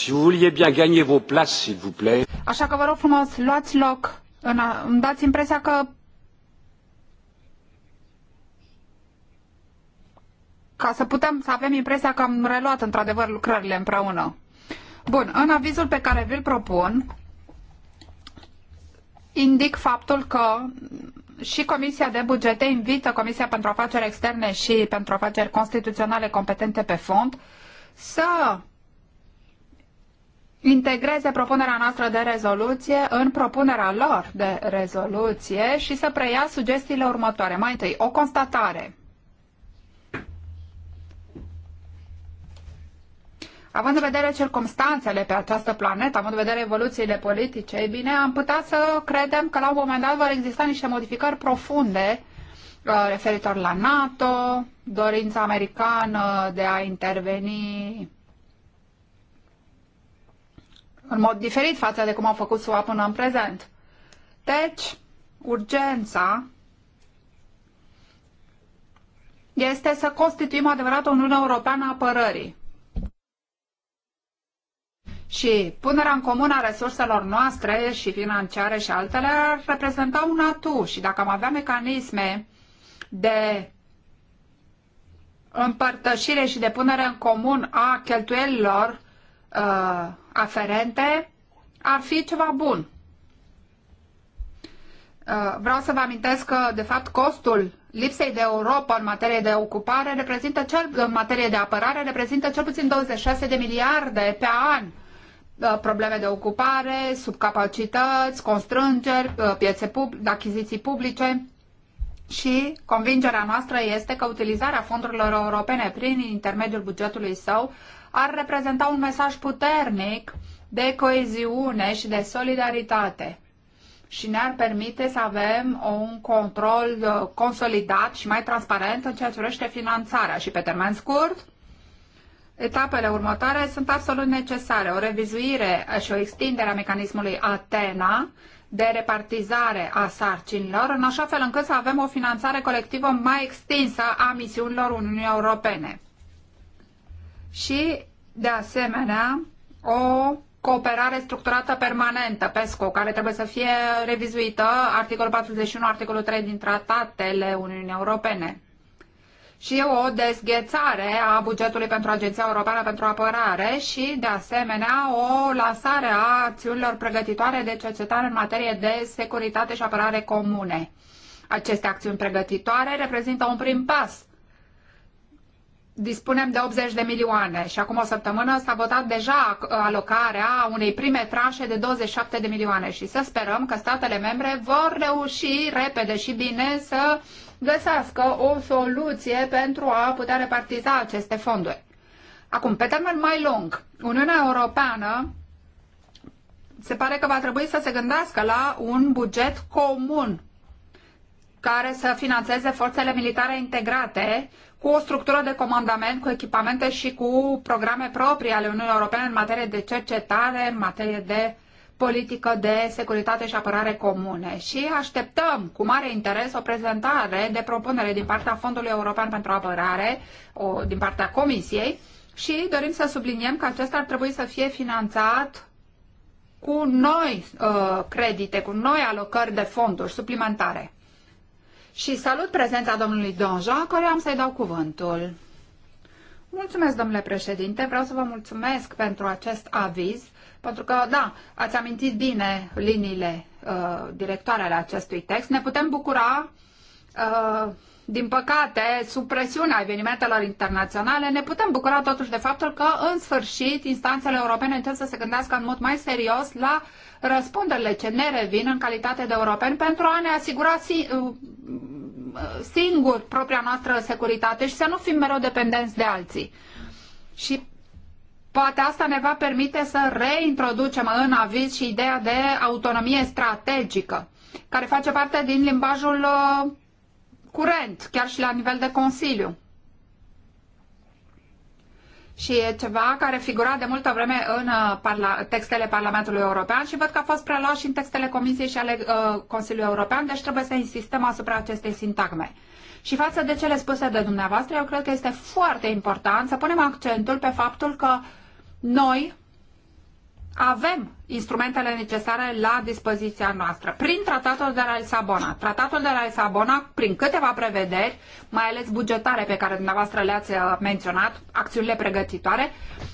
Si vous vouliez bien gagner vos places, s'il vous plaît. Așa că vă rog frumos, luați loc. Îmi dați impresia că ca să putem să avem impresia că am reluat într-adevăr lucrările împreună. Bun, în avizul pe care vi-l propun, indic faptul că și Comisia de Bugete invită Comisia pentru Afaceri Externe și pentru Afaceri Constituționale competente pe fond să integreze propunerea noastră de rezoluție în propunerea lor de rezoluție și să preia sugestiile următoare. Mai întâi, o constatare. Având în vedere circumstanțele pe această planetă, având în vedere evoluțiile politice, ei bine, am putea să credem că la un moment dat vor exista niște modificări profunde uh, referitor la NATO, dorința americană de a interveni în mod diferit față de cum au făcut SUA până în prezent. Deci, urgența este să constituim adevărat o Uniune Europeană a apărării. Și punerea în comun a resurselor noastre și financiare și altele ar reprezenta un atu. Și dacă am avea mecanisme de împărtășire și de punere în comun a cheltuielilor uh, aferente ar fi ceva bun. Uh, vreau să vă amintesc că, de fapt, costul lipsei de Europa în materie de ocupare reprezintă cel, în materie de apărare reprezintă cel puțin 26 de miliarde pe an uh, probleme de ocupare, subcapacități, constrângeri, uh, piețe public, achiziții publice și convingerea noastră este că utilizarea fondurilor europene prin intermediul bugetului său ar reprezenta un mesaj puternic de coeziune și de solidaritate și ne-ar permite să avem un control uh, consolidat și mai transparent în ceea ce privește finanțarea și pe termen scurt. Etapele următoare sunt absolut necesare. O revizuire și o extindere a mecanismului Atena de repartizare a sarcinilor, în așa fel încât să avem o finanțare colectivă mai extinsă a misiunilor Uniunii Europene și, de asemenea, o cooperare structurată permanentă, PESCO, care trebuie să fie revizuită, articolul 41, articolul 3 din tratatele Uniunii Europene. Și o dezghețare a bugetului pentru Agenția Europeană pentru Apărare și, de asemenea, o lansare a acțiunilor pregătitoare de cercetare în materie de securitate și apărare comune. Aceste acțiuni pregătitoare reprezintă un prim pas dispunem de 80 de milioane și acum o săptămână s-a votat deja alocarea unei prime tranșe de 27 de milioane și să sperăm că statele membre vor reuși repede și bine să găsească o soluție pentru a putea repartiza aceste fonduri. Acum, pe termen mai lung, Uniunea Europeană se pare că va trebui să se gândească la un buget comun care să financeze forțele militare integrate cu o structură de comandament, cu echipamente și cu programe proprii ale Uniunii Europene în materie de cercetare, în materie de politică de securitate și apărare comune. Și așteptăm cu mare interes o prezentare de propunere din partea Fondului European pentru Apărare, o, din partea Comisiei, și dorim să subliniem că acesta ar trebui să fie finanțat cu noi uh, credite, cu noi alocări de fonduri suplimentare și salut prezența domnului Donja, care am să-i dau cuvântul. Mulțumesc, domnule președinte, vreau să vă mulțumesc pentru acest aviz, pentru că, da, ați amintit bine liniile uh, directoare ale acestui text. Ne putem bucura uh, din păcate, sub presiunea evenimentelor internaționale, ne putem bucura totuși de faptul că, în sfârșit, instanțele europene încep să se gândească în mod mai serios la răspunderile ce ne revin în calitate de europeni pentru a ne asigura si uh, singur propria noastră securitate și să nu fim mereu dependenți de alții. Și poate asta ne va permite să reintroducem în aviz și ideea de autonomie strategică, care face parte din limbajul uh, curent, chiar și la nivel de Consiliu și e ceva care figura de multă vreme în uh, parla- textele Parlamentului European și văd că a fost preluat și în textele Comisiei și ale uh, Consiliului European, deci trebuie să insistăm asupra acestei sintagme. Și față de cele spuse de dumneavoastră, eu cred că este foarte important să punem accentul pe faptul că noi, avem instrumentele necesare la dispoziția noastră prin tratatul de la Lisabona. Tratatul de la Lisabona, prin câteva prevederi, mai ales bugetare pe care dumneavoastră le-ați uh, menționat, acțiunile pregătitoare,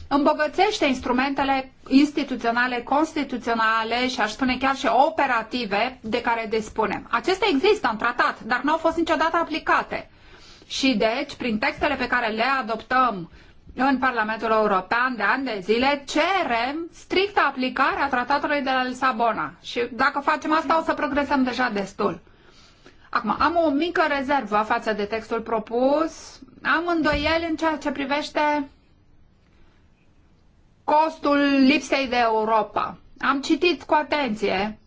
îmbogățește instrumentele instituționale, constituționale și aș spune chiar și operative de care dispunem. Acestea există în tratat, dar nu au fost niciodată aplicate. Și deci, prin textele pe care le adoptăm în Parlamentul European de ani de zile cerem strictă aplicare a tratatului de la Lisabona. Și dacă facem asta o să progresăm deja destul. Acum, am o mică rezervă față de textul propus. Am îndoieli în ceea ce privește costul lipsei de Europa. Am citit cu atenție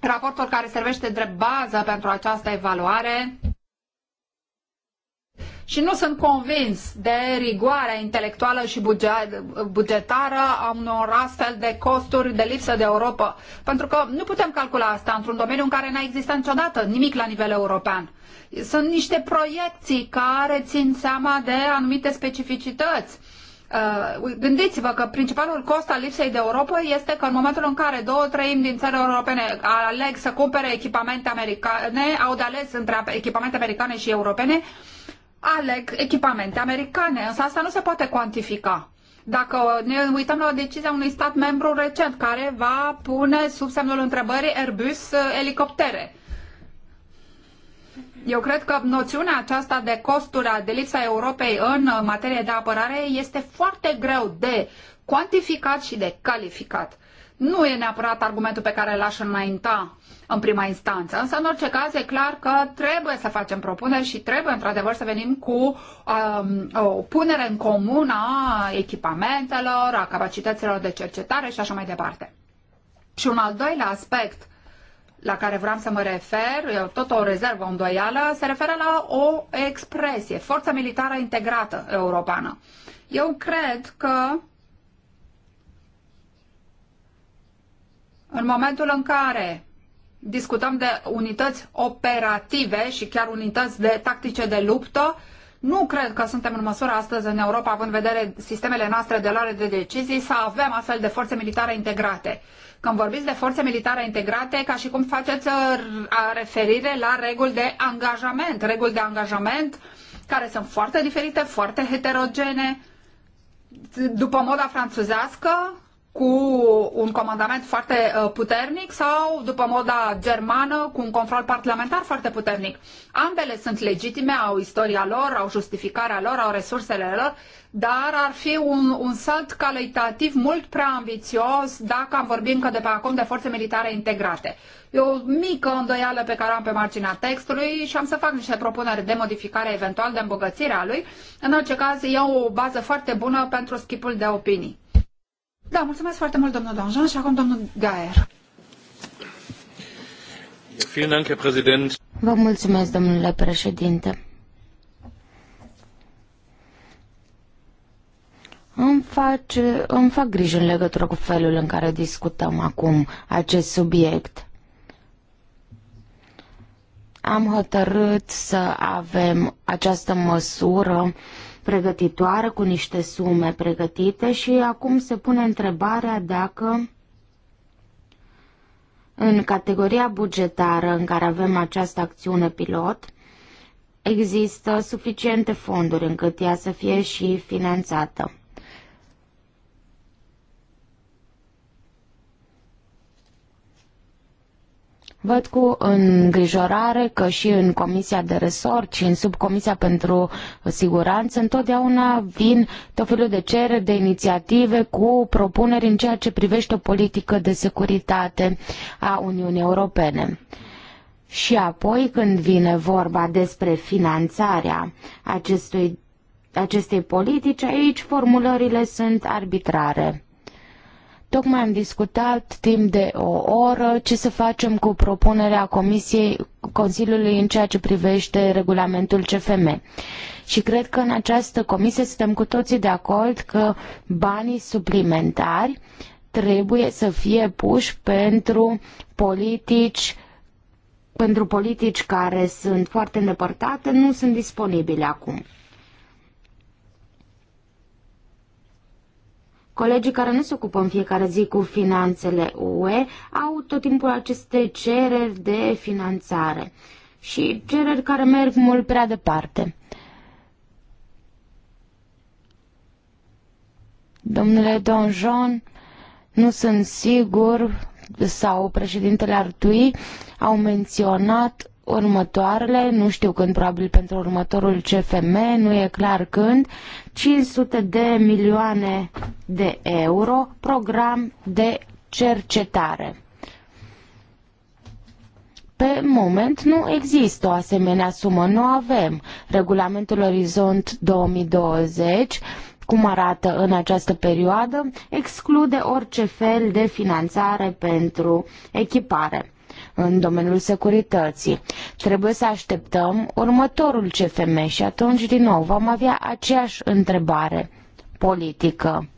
raportul care servește drept bază pentru această evaluare și nu sunt convins de rigoarea intelectuală și bugetară a unor astfel de costuri de lipsă de Europa, pentru că nu putem calcula asta într-un domeniu în care n-a existat niciodată nimic la nivel european. Sunt niște proiecții care țin seama de anumite specificități. Uh, gândiți-vă că principalul cost al lipsei de Europa este că în momentul în care două treimi din țările europene aleg să cumpere echipamente americane, au de ales între echipamente americane și europene, aleg echipamente americane, însă asta nu se poate cuantifica. Dacă ne uităm la o decizie a unui stat membru recent care va pune sub semnul întrebării Airbus uh, elicoptere. Eu cred că noțiunea aceasta de costuri, de lipsa Europei în uh, materie de apărare este foarte greu de cuantificat și de calificat nu e neapărat argumentul pe care l-aș înainta în prima instanță, însă în orice caz e clar că trebuie să facem propuneri și trebuie într-adevăr să venim cu um, o punere în comun a echipamentelor, a capacităților de cercetare și așa mai departe. Și un al doilea aspect la care vreau să mă refer, tot o rezervă, îndoială, se referă la o expresie, forța militară integrată europeană. Eu cred că În momentul în care discutăm de unități operative și chiar unități de tactice de luptă, nu cred că suntem în măsură astăzi în Europa, având în vedere sistemele noastre de luare de decizii, să avem astfel de forțe militare integrate. Când vorbiți de forțe militare integrate, ca și cum faceți uh, referire la reguli de angajament, reguli de angajament care sunt foarte diferite, foarte heterogene, după moda franțuzească, cu un comandament foarte uh, puternic sau, după moda germană, cu un control parlamentar foarte puternic. Ambele sunt legitime, au istoria lor, au justificarea lor, au resursele lor, dar ar fi un, un salt calitativ mult prea ambițios dacă am vorbit încă de pe acum de forțe militare integrate. E o mică îndoială pe care am pe marginea textului și am să fac niște propuneri de modificare, eventual de îmbogățire a lui. În orice caz, e o bază foarte bună pentru schimbul de opinii. Da, mulțumesc foarte mult, domnul Donjon, și acum domnul Gaer. Vă mulțumesc, domnule președinte. Îmi, face, îmi fac griji în legătură cu felul în care discutăm acum acest subiect. Am hotărât să avem această măsură pregătitoare cu niște sume pregătite și acum se pune întrebarea dacă în categoria bugetară în care avem această acțiune pilot, există suficiente fonduri încât ea să fie și finanțată. Văd cu îngrijorare că și în Comisia de Resort și în Subcomisia pentru Siguranță întotdeauna vin tot felul de cereri, de inițiative cu propuneri în ceea ce privește o politică de securitate a Uniunii Europene. Și apoi când vine vorba despre finanțarea acestui, acestei politici, aici formulările sunt arbitrare. Tocmai am discutat timp de o oră ce să facem cu propunerea Comisiei Consiliului în ceea ce privește regulamentul CFM. Și cred că în această comisie suntem cu toții de acord că banii suplimentari trebuie să fie puși pentru politici pentru politici care sunt foarte îndepărtate, nu sunt disponibile acum. Colegii care nu se ocupă în fiecare zi cu finanțele UE au tot timpul aceste cereri de finanțare și cereri care merg mult prea departe. Domnule John, nu sunt sigur, sau președintele Artui, au menționat următoarele, nu știu când, probabil pentru următorul CFM, nu e clar când, 500 de milioane de euro, program de cercetare. Pe moment nu există o asemenea sumă, nu avem. Regulamentul Orizont 2020 cum arată în această perioadă, exclude orice fel de finanțare pentru echipare în domeniul securității. Trebuie să așteptăm următorul CFM și atunci din nou vom avea aceeași întrebare politică.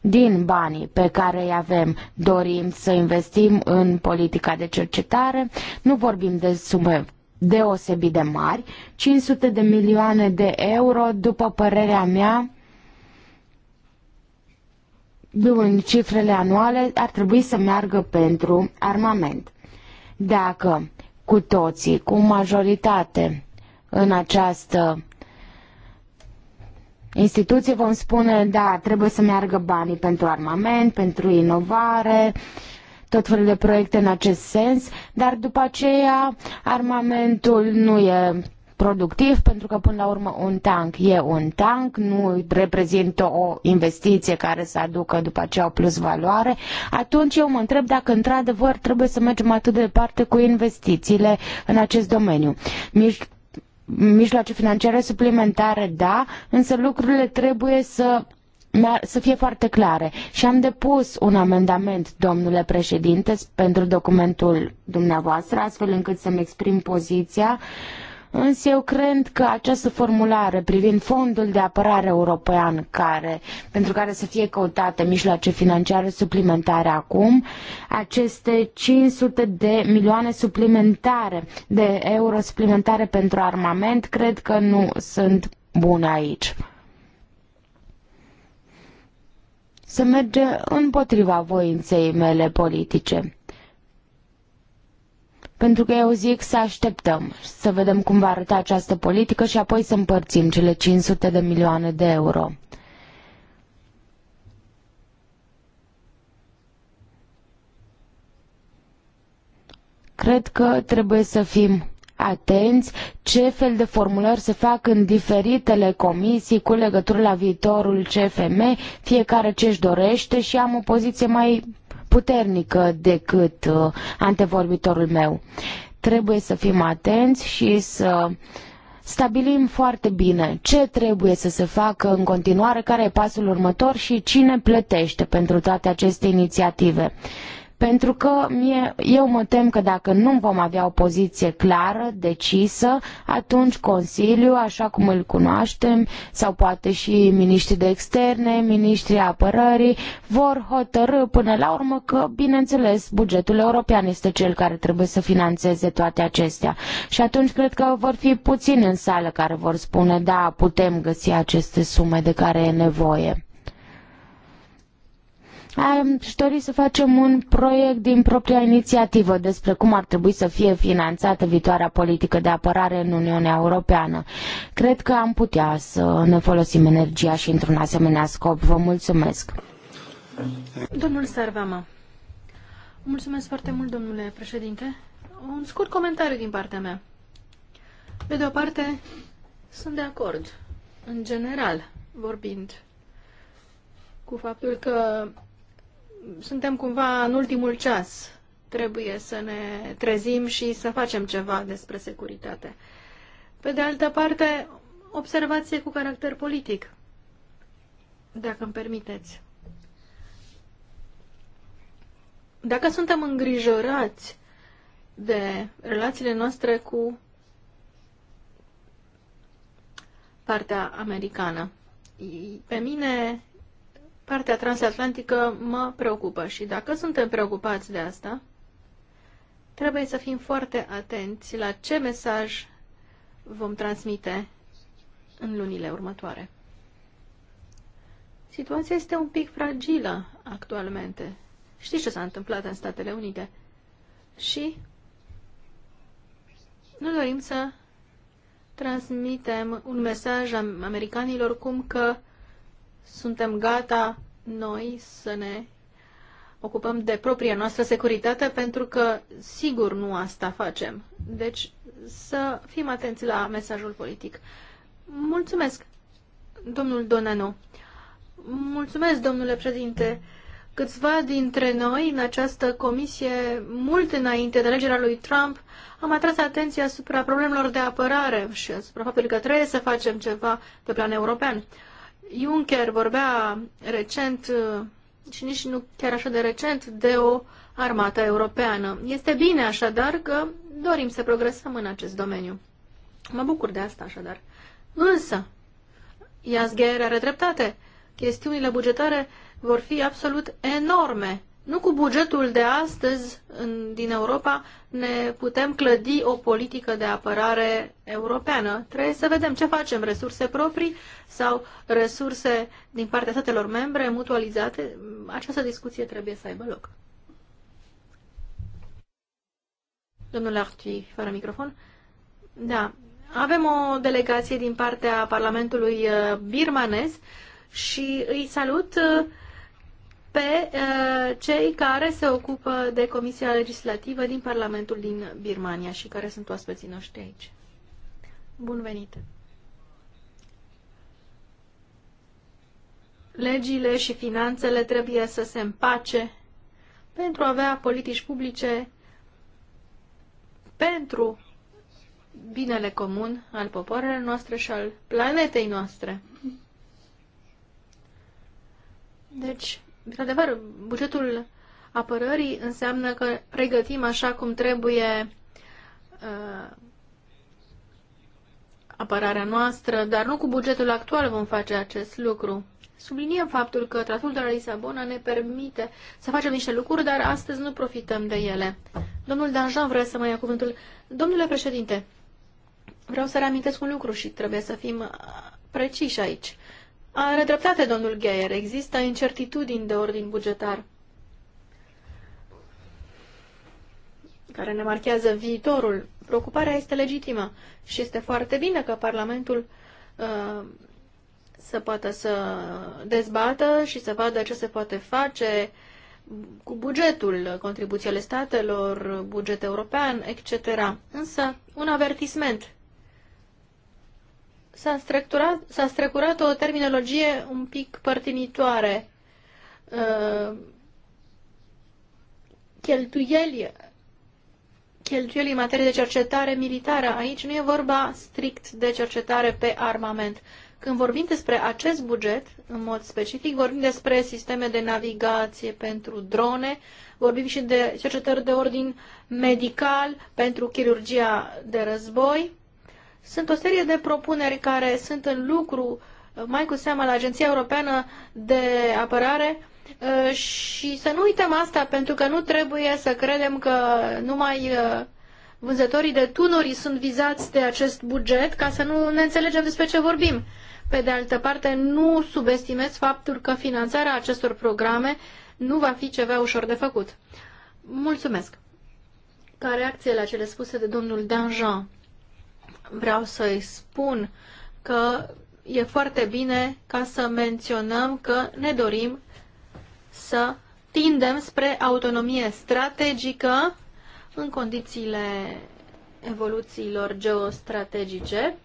Din banii pe care îi avem dorim să investim în politica de cercetare, nu vorbim de sume deosebit de mari, 500 de milioane de euro, după părerea mea, în cifrele anuale, ar trebui să meargă pentru armament. Dacă cu toții, cu majoritate în această instituție vom spune, da, trebuie să meargă banii pentru armament, pentru inovare, tot felul de proiecte în acest sens, dar după aceea armamentul nu e productiv, pentru că până la urmă un tank e un tank, nu reprezintă o investiție care să aducă după aceea o plus valoare, atunci eu mă întreb dacă într-adevăr trebuie să mergem atât de departe cu investițiile în acest domeniu. Mij- mijloace financiare suplimentare, da, însă lucrurile trebuie să să fie foarte clare. Și am depus un amendament, domnule președinte, pentru documentul dumneavoastră, astfel încât să-mi exprim poziția. Uh, Însă eu cred că această formulare privind fondul de apărare european care, pentru care să fie căutate mijloace financiare suplimentare acum, aceste 500 de milioane suplimentare de euro suplimentare pentru armament, cred că nu sunt bune aici. Se merge împotriva voinței mele politice. Pentru că eu zic să așteptăm, să vedem cum va arăta această politică și apoi să împărțim cele 500 de milioane de euro. Cred că trebuie să fim atenți ce fel de formulări se fac în diferitele comisii cu legătură la viitorul CFM, fiecare ce își dorește și am o poziție mai puternică decât uh, antevorbitorul meu. Trebuie să fim atenți și să stabilim foarte bine ce trebuie să se facă în continuare, care e pasul următor și cine plătește pentru toate aceste inițiative. Uh, pentru că mie, eu mă tem că dacă nu vom avea o poziție clară, decisă, atunci Consiliul, așa cum îl cunoaștem, sau poate și miniștrii de externe, miniștrii apărării, vor hotărâ până la urmă că, bineînțeles, bugetul european este cel care trebuie să financeze toate acestea. Și atunci cred că vor fi puțini în sală care vor spune, da, putem găsi aceste sume de care e nevoie. Aș dori să facem un proiect din propria inițiativă despre cum ar trebui să fie finanțată viitoarea politică de apărare în Uniunea Europeană. Cred că am putea să ne folosim energia și într-un asemenea scop. Vă mulțumesc! Domnul Sarvama, mulțumesc foarte mult, domnule președinte. Un scurt comentariu din partea mea. Pe de o parte, sunt de acord, în general vorbind, cu faptul că suntem cumva în ultimul ceas. Trebuie să ne trezim și să facem ceva despre securitate. Pe de altă parte, observație cu caracter politic, dacă îmi permiteți. Dacă suntem îngrijorați de relațiile noastre cu partea americană, pe mine partea transatlantică mă preocupă și dacă suntem preocupați de asta, trebuie să fim foarte atenți la ce mesaj vom transmite în lunile următoare. Situația este un pic fragilă actualmente. Știți ce s-a întâmplat în Statele Unite? Și nu dorim să transmitem un mesaj americanilor cum că suntem gata noi să ne ocupăm de propria noastră securitate, pentru că sigur nu asta facem. Deci să fim atenți la mesajul politic. Mulțumesc, domnul Donano. Mulțumesc, domnule președinte. Câțiva dintre noi în această comisie, mult înainte de alegerea lui Trump, am atras atenția asupra problemelor de apărare și asupra faptului că trebuie să facem ceva pe plan european. Juncker vorbea recent uh, și nici nu chiar așa de recent de o armată europeană. Este bine așadar că dorim să progresăm în acest domeniu. Mă bucur de asta așadar. Însă, Iasgher are dreptate. Chestiunile bugetare vor fi absolut enorme nu cu bugetul de astăzi în, din Europa ne putem clădi o politică de apărare europeană. Trebuie să vedem ce facem, resurse proprii sau resurse din partea statelor membre mutualizate. Această discuție trebuie să aibă loc. Domnule Arti, fără microfon. Da, avem o delegație din partea Parlamentului uh, birmanez și îi salut uh, pe uh, cei care se ocupă de Comisia Legislativă din Parlamentul din Birmania și care sunt oaspeții noștri aici. Bun venit! Legile și finanțele trebuie să se împace pentru a avea politici publice pentru binele comun al popoarelor noastre și al planetei noastre. Deci, Într-adevăr, bugetul apărării înseamnă că pregătim așa cum trebuie uh, apărarea noastră, dar nu cu bugetul actual vom face acest lucru. Subliniem faptul că tratul de la Lisabona ne permite să facem niște lucruri, dar astăzi nu profităm de ele. Domnul Danjean vrea să mai ia cuvântul. Domnule președinte, vreau să reamintesc un lucru și trebuie să fim uh, preciși aici. Are dreptate domnul Geier. Există incertitudini de ordin bugetar care ne marchează viitorul. Preocuparea este legitimă și este foarte bine că Parlamentul uh, să poată să dezbată și să vadă ce se poate face cu bugetul, contribuțiile statelor, buget european, etc. Însă, un avertisment s-a strecurat, s-a strecurat o terminologie un pic părtinitoare. Uh, cheltuieli, cheltuieli în materie de cercetare militară. Aici nu e vorba strict de cercetare pe armament. Când vorbim despre acest buget, în mod specific, vorbim despre sisteme de navigație pentru drone, vorbim și de cercetări de ordin medical pentru chirurgia de război, sunt o serie de propuneri care sunt în lucru, uh, mai cu seamă la Agenția Europeană de Apărare, uh, și să nu uităm asta, pentru că nu trebuie să credem că numai uh, vânzătorii de tunuri sunt vizați de acest buget, ca să nu ne înțelegem despre ce vorbim. Pe de altă parte, nu subestimez faptul că finanțarea acestor programe nu va fi ceva ușor de făcut. Mulțumesc! Ca reacție la cele spuse de domnul Danjean, vreau să-i spun că e foarte bine ca să menționăm că ne dorim să tindem spre autonomie strategică în condițiile evoluțiilor geostrategice.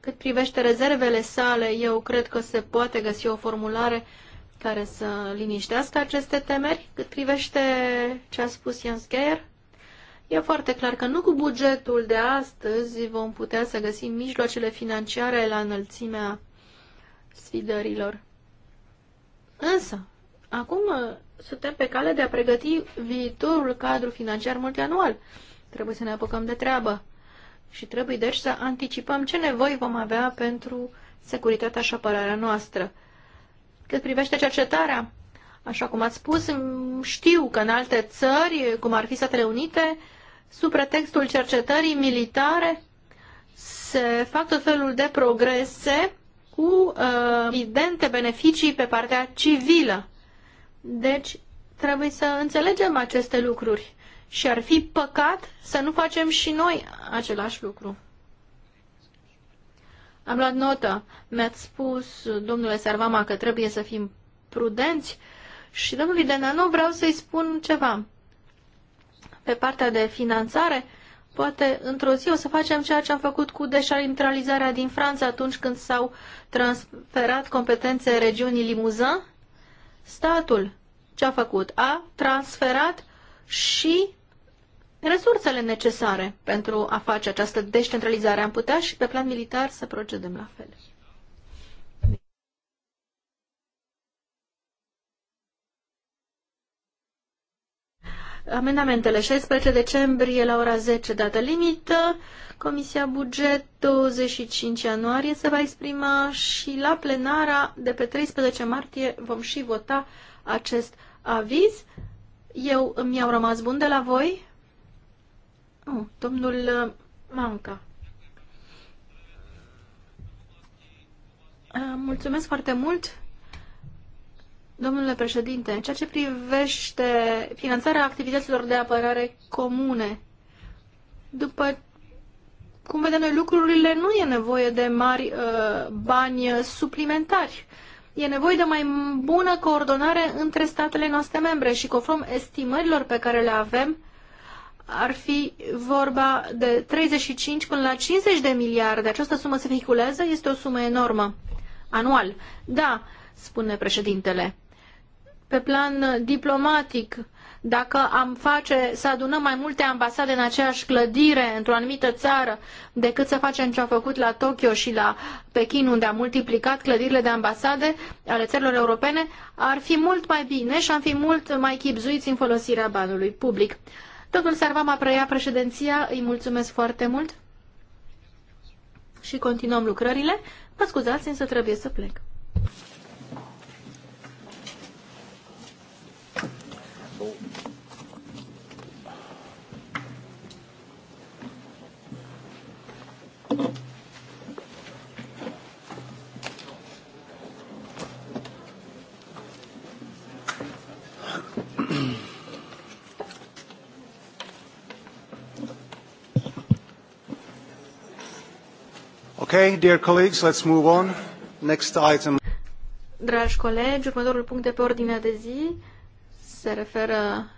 Cât privește rezervele sale, eu cred că se poate găsi o formulare care să liniștească aceste temeri. Cât privește ce a spus Jens Geier, E foarte clar că nu cu bugetul de astăzi vom putea să găsim mijloacele financiare la înălțimea sfidărilor. Însă, acum uh, suntem pe cale de a pregăti viitorul cadru financiar multianual. Trebuie să ne apucăm de treabă și trebuie deci să anticipăm ce nevoi vom avea pentru securitatea și apărarea noastră. Cât privește cercetarea, așa cum ați spus, știu că în alte țări, cum ar fi Statele Unite, sub pretextul cercetării militare, se fac tot felul de progrese cu uh, evidente beneficii pe partea civilă. Deci, trebuie să înțelegem aceste lucruri și ar fi păcat să nu facem și noi același lucru. Am luat notă. Mi-ați spus, domnule Sarvama, că trebuie să fim prudenți și domnului Denano vreau să-i spun ceva pe partea de finanțare, poate într-o zi o să facem ceea ce am făcut cu deșalintralizarea din Franța atunci când s-au transferat competențe regiunii Limousin. Statul ce a făcut? A transferat și resursele necesare pentru a face această descentralizare. Am putea și pe plan militar să procedăm la fel. Amendamentele 16 decembrie la ora 10 dată limită, Comisia Buget 25 ianuarie se va exprima și la plenara de pe 13 martie vom și vota acest aviz. Eu îmi au rămas bun de la voi? Oh, domnul uh, Manca. Uh, mulțumesc foarte mult Domnule președinte, în ceea ce privește finanțarea activităților de apărare comune, după cum vedem noi lucrurile, nu e nevoie de mari uh, bani suplimentari. E nevoie de mai bună coordonare între statele noastre membre și conform estimărilor pe care le avem, ar fi vorba de 35 până la 50 de miliarde. Această sumă se vehiculează, este o sumă enormă anual. Da, spune președintele pe plan uh, diplomatic, dacă am face să adunăm mai multe ambasade în aceeași clădire, într-o anumită țară, decât să facem ce am făcut la Tokyo și la Pekin, unde am multiplicat clădirile de ambasade ale țărilor europene, ar fi mult mai bine și am fi mult mai chipzuiți în folosirea banului public. Domnul a preia președinția, îi mulțumesc foarte mult și continuăm lucrările. Mă scuzați, însă trebuie să plec. vote. Okay, dear colleagues, let's move on. Next item. Dragi colegi, următorul punct de pe ordinea de zi se referă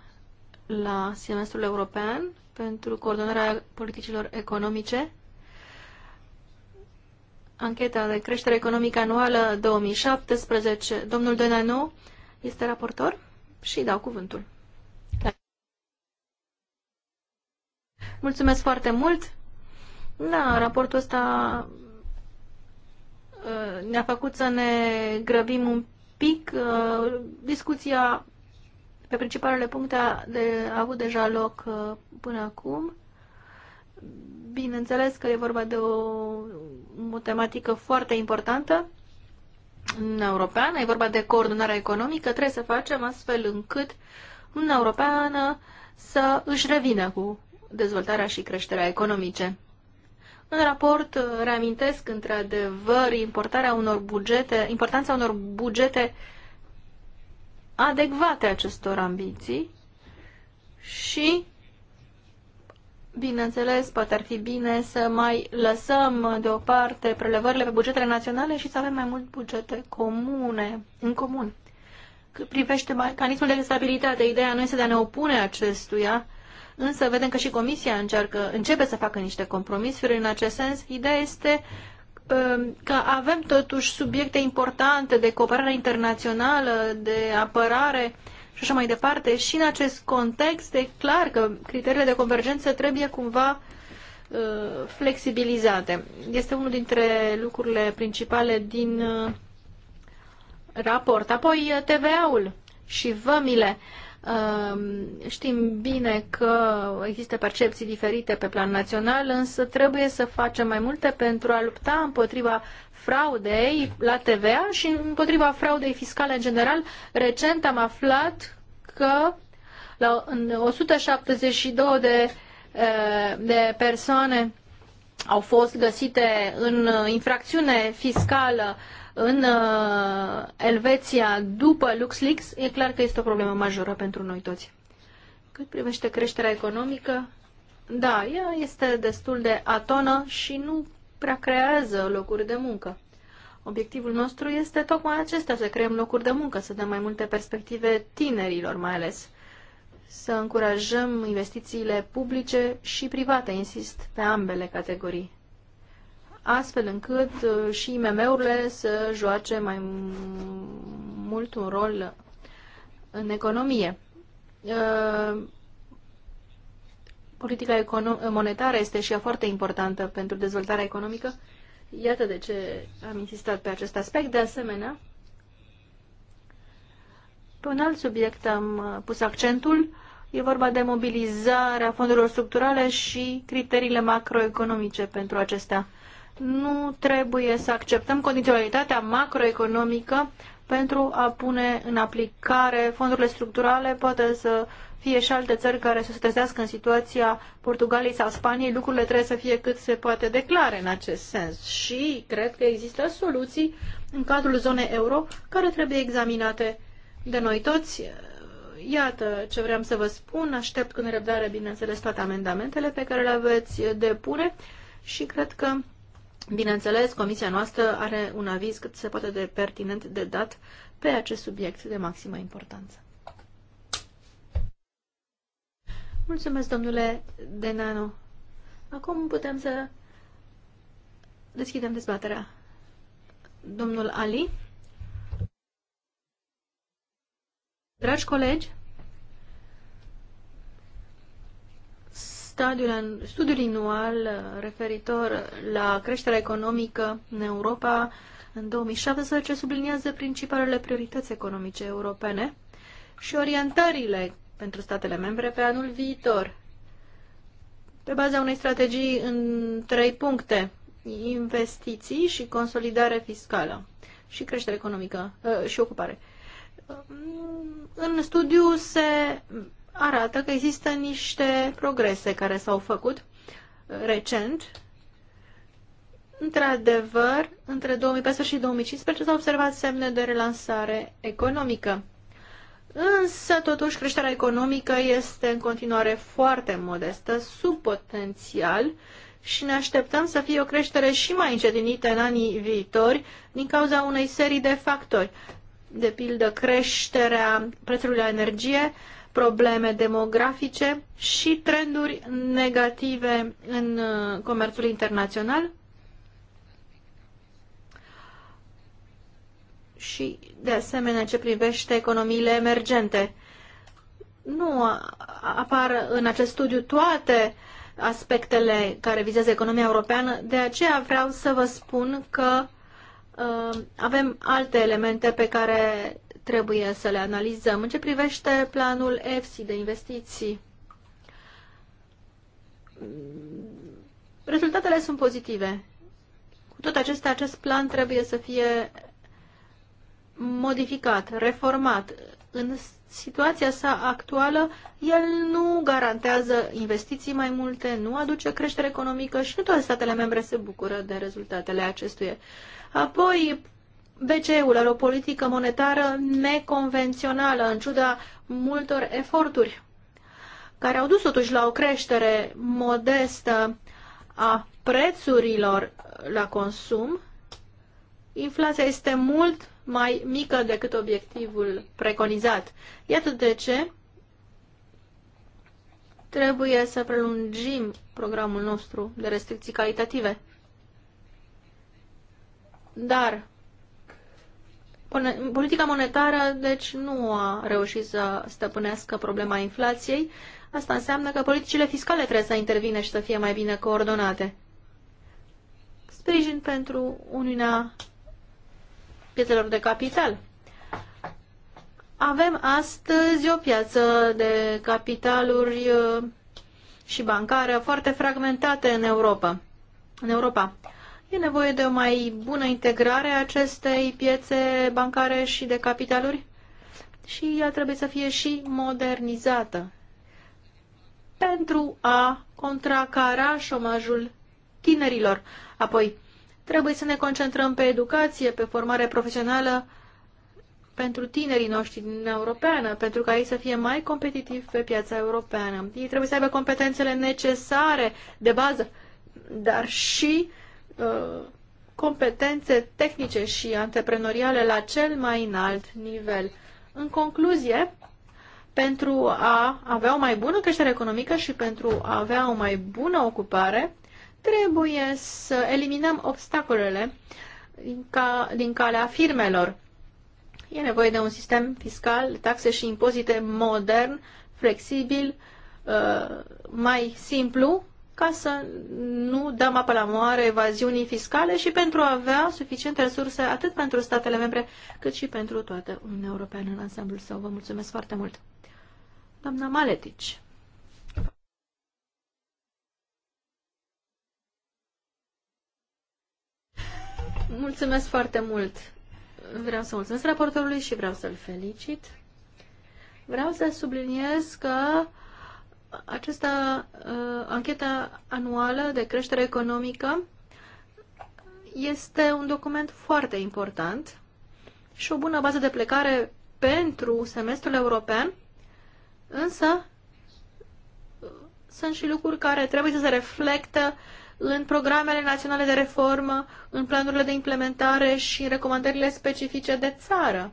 la semestrul european pentru coordonarea politicilor economice. Ancheta de creștere economică anuală 2017. Domnul Denanu este raportor și dau cuvântul. Mulțumesc foarte mult! Da, raportul ăsta uh, ne-a făcut să ne grăbim un pic. Uh, discuția pe principalele puncte a, de, a avut deja loc uh, până acum. Bineînțeles că e vorba de o, o tematică foarte importantă în europeană, e vorba de coordonarea economică, trebuie să facem astfel încât în europeană să își revină cu dezvoltarea și creșterea economice. În raport uh, reamintesc într-adevăr importanța unor bugete, importanța unor bugete uh, adecvate acestor ambiții și, bineînțeles, poate ar fi bine să mai lăsăm deoparte prelevările pe bugetele naționale și să avem mai mult bugete comune, în comun. Cât privește mecanismul de stabilitate, ideea nu este de a ne opune acestuia, însă vedem că și Comisia încearcă, începe să facă niște compromisuri în acest sens. Ideea este Ehm, că avem totuși subiecte importante de cooperare internațională, de apărare și așa mai departe. Și în acest context e clar că criteriile de convergență trebuie cumva ehm, flexibilizate. Este unul dintre lucrurile principale din ehm, raport. Apoi eh, TVA-ul și vămile. Uh, Știm bine că există percepții diferite pe plan național, însă trebuie să facem mai multe pentru a lupta împotriva fraudei la TVA și împotriva fraudei fiscale în general. Recent am aflat că la 172 de, de persoane au fost găsite în infracțiune fiscală uh, în uh, Elveția după LuxLeaks, e clar că este o problemă majoră pentru noi toți. Cât privește creșterea economică, da, ea este destul de atonă și nu prea creează locuri de muncă. Obiectivul nostru este tocmai acesta, să creăm locuri de muncă, să dăm mai multe perspective tinerilor mai ales, să încurajăm investițiile publice și private, insist, pe ambele categorii astfel încât uh, și IMM-urile să joace mai mult un rol în economie. Uh, politica monetară este și ea foarte importantă pentru dezvoltarea economică. Iată de ce am insistat pe acest aspect. De asemenea, pe un alt subiect am uh, pus accentul. E vorba de mobilizarea fondurilor structurale și criteriile macroeconomice pentru acestea nu trebuie să acceptăm condiționalitatea macroeconomică pentru a pune în aplicare fondurile structurale, poate să fie și alte țări care să se trezească în situația Portugaliei sau Spaniei, lucrurile trebuie să fie cât se poate declare în acest sens. Și cred că există soluții în cadrul zonei euro care trebuie examinate de noi toți. Iată ce vreau să vă spun. Aștept cu nerăbdare, bineînțeles, toate amendamentele pe care le aveți depune și cred că Bineînțeles, comisia noastră are un aviz cât se poate de pertinent de dat pe acest subiect de maximă importanță. Mulțumesc, domnule Denano. Acum putem să deschidem dezbaterea. Domnul Ali. Dragi colegi, stadiul, studiul anual uh, referitor la creșterea economică în Europa în 2017 subliniază principalele priorități economice europene și orientările pentru statele membre pe anul viitor, pe baza unei strategii în trei puncte, investiții și consolidare fiscală și creștere economică uh, și ocupare. Um, în studiu se arată că există niște progrese care s-au făcut uh, recent. Într-adevăr, între 2014 și 2015 s-au observat semne de relansare economică. Însă, totuși, creșterea economică este în continuare foarte modestă, sub potențial, și ne așteptăm să fie o creștere și mai încetinită în anii viitori din cauza unei serii de factori, de pildă creșterea prețului la energie, probleme demografice și trenduri negative în uh, comerțul internațional. Și, de asemenea, ce privește economiile emergente. Nu apar în acest studiu toate aspectele care vizează economia europeană, de aceea vreau să vă spun că uh, avem alte elemente pe care trebuie să le analizăm. În ce privește planul EFSI de investiții, rezultatele sunt pozitive. Cu toate acestea, acest plan trebuie să fie modificat, reformat. În situația sa actuală, el nu garantează investiții mai multe, nu aduce creștere economică și nu toate statele membre se bucură de rezultatele acestuia. Apoi, BCE-ul are o politică monetară neconvențională, în ciuda multor eforturi care au dus totuși la o creștere modestă a prețurilor la consum, inflația este mult mai mică decât obiectivul preconizat. Iată de ce trebuie să prelungim programul nostru de restricții calitative. Dar Politica monetară, deci, nu a reușit să stăpânească problema inflației. Asta înseamnă că politicile fiscale trebuie să intervine și să fie mai bine coordonate. Sprijin pentru Uniunea Piețelor de Capital. Avem astăzi o piață de capitaluri uh, și bancară foarte fragmentate în Europa. În Europa. E nevoie de o mai bună integrare a acestei piețe bancare și de capitaluri și ea trebuie să fie și modernizată pentru a contracara șomajul tinerilor. Apoi, trebuie să ne concentrăm pe educație, pe formare profesională pentru tinerii noștri din Europeană, pentru ca ei să fie mai competitivi pe piața europeană. Ei trebuie să aibă competențele necesare de bază, dar și uh, Uh, competențe tehnice și antreprenoriale la cel mai înalt nivel. În concluzie, pentru a avea o mai bună creștere economică și pentru a avea o mai bună ocupare, trebuie să eliminăm obstacolele din, ca, din calea firmelor. E nevoie de un sistem fiscal, taxe și impozite modern, flexibil, uh, mai simplu ca să nu dăm apă la moare evaziunii fiscale și pentru a avea suficiente resurse atât pentru statele membre cât și pentru toată Uniunea Europeană în ansamblul său. Vă mulțumesc foarte mult! Doamna Maletici. Mulțumesc foarte mult! Vreau să mulțumesc raportorului și vreau să-l felicit. Vreau să subliniez că uh, această uh, anchetă anuală de creștere economică este un document foarte important și o bună bază de plecare pentru semestrul european, însă sunt și lucruri care trebuie să se reflectă în programele naționale de reformă, în planurile de implementare și în recomandările specifice de țară.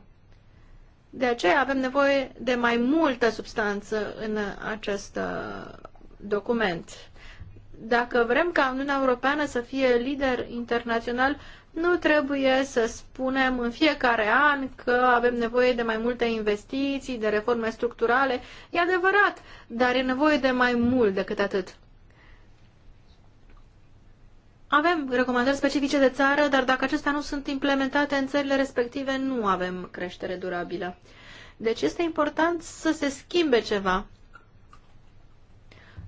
De aceea avem nevoie de mai multă substanță în acest uh, document. Dacă vrem ca Uniunea Europeană să fie lider internațional, nu trebuie să spunem în fiecare an că avem nevoie de mai multe investiții, de reforme structurale. E adevărat, dar e nevoie de mai mult decât atât. Avem recomandări specifice de țară, dar dacă acestea nu sunt implementate în țările respective, nu avem creștere durabilă. Deci este important să se schimbe ceva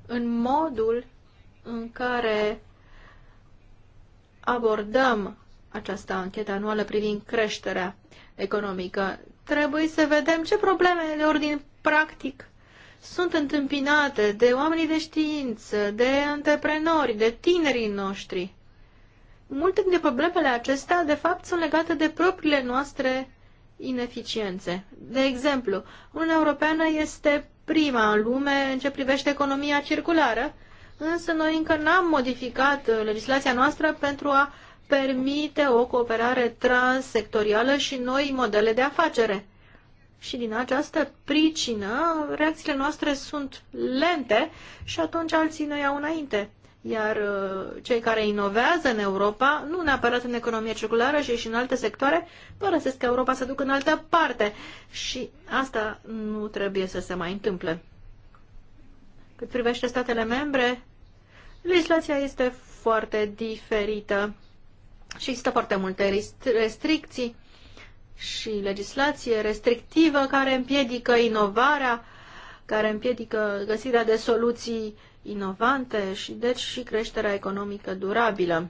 în modul în care abordăm această anchetă anuală privind creșterea economică. Trebuie să vedem ce probleme de ordin practic sunt întâmpinate de oamenii de știință, de antreprenori, de tinerii noștri. Multe dintre problemele acestea, de fapt, sunt legate de propriile noastre ineficiențe. De exemplu, Uniunea Europeană este prima în lume în ce privește economia circulară, însă noi încă n-am modificat legislația noastră pentru a permite o cooperare transsectorială și noi modele de afacere. Și din această pricină, reacțiile noastre sunt lente și atunci alții ne iau înainte. Iar uh, cei care inovează în Europa, nu neapărat în economie circulară, ci și în alte sectoare, părăsesc Europa să ducă în altă parte. Și asta nu trebuie să se mai întâmple. Cât privește statele membre, legislația este foarte diferită și există foarte multe restricții și legislație restrictivă care împiedică inovarea, care împiedică găsirea de soluții inovante și deci și creșterea economică durabilă.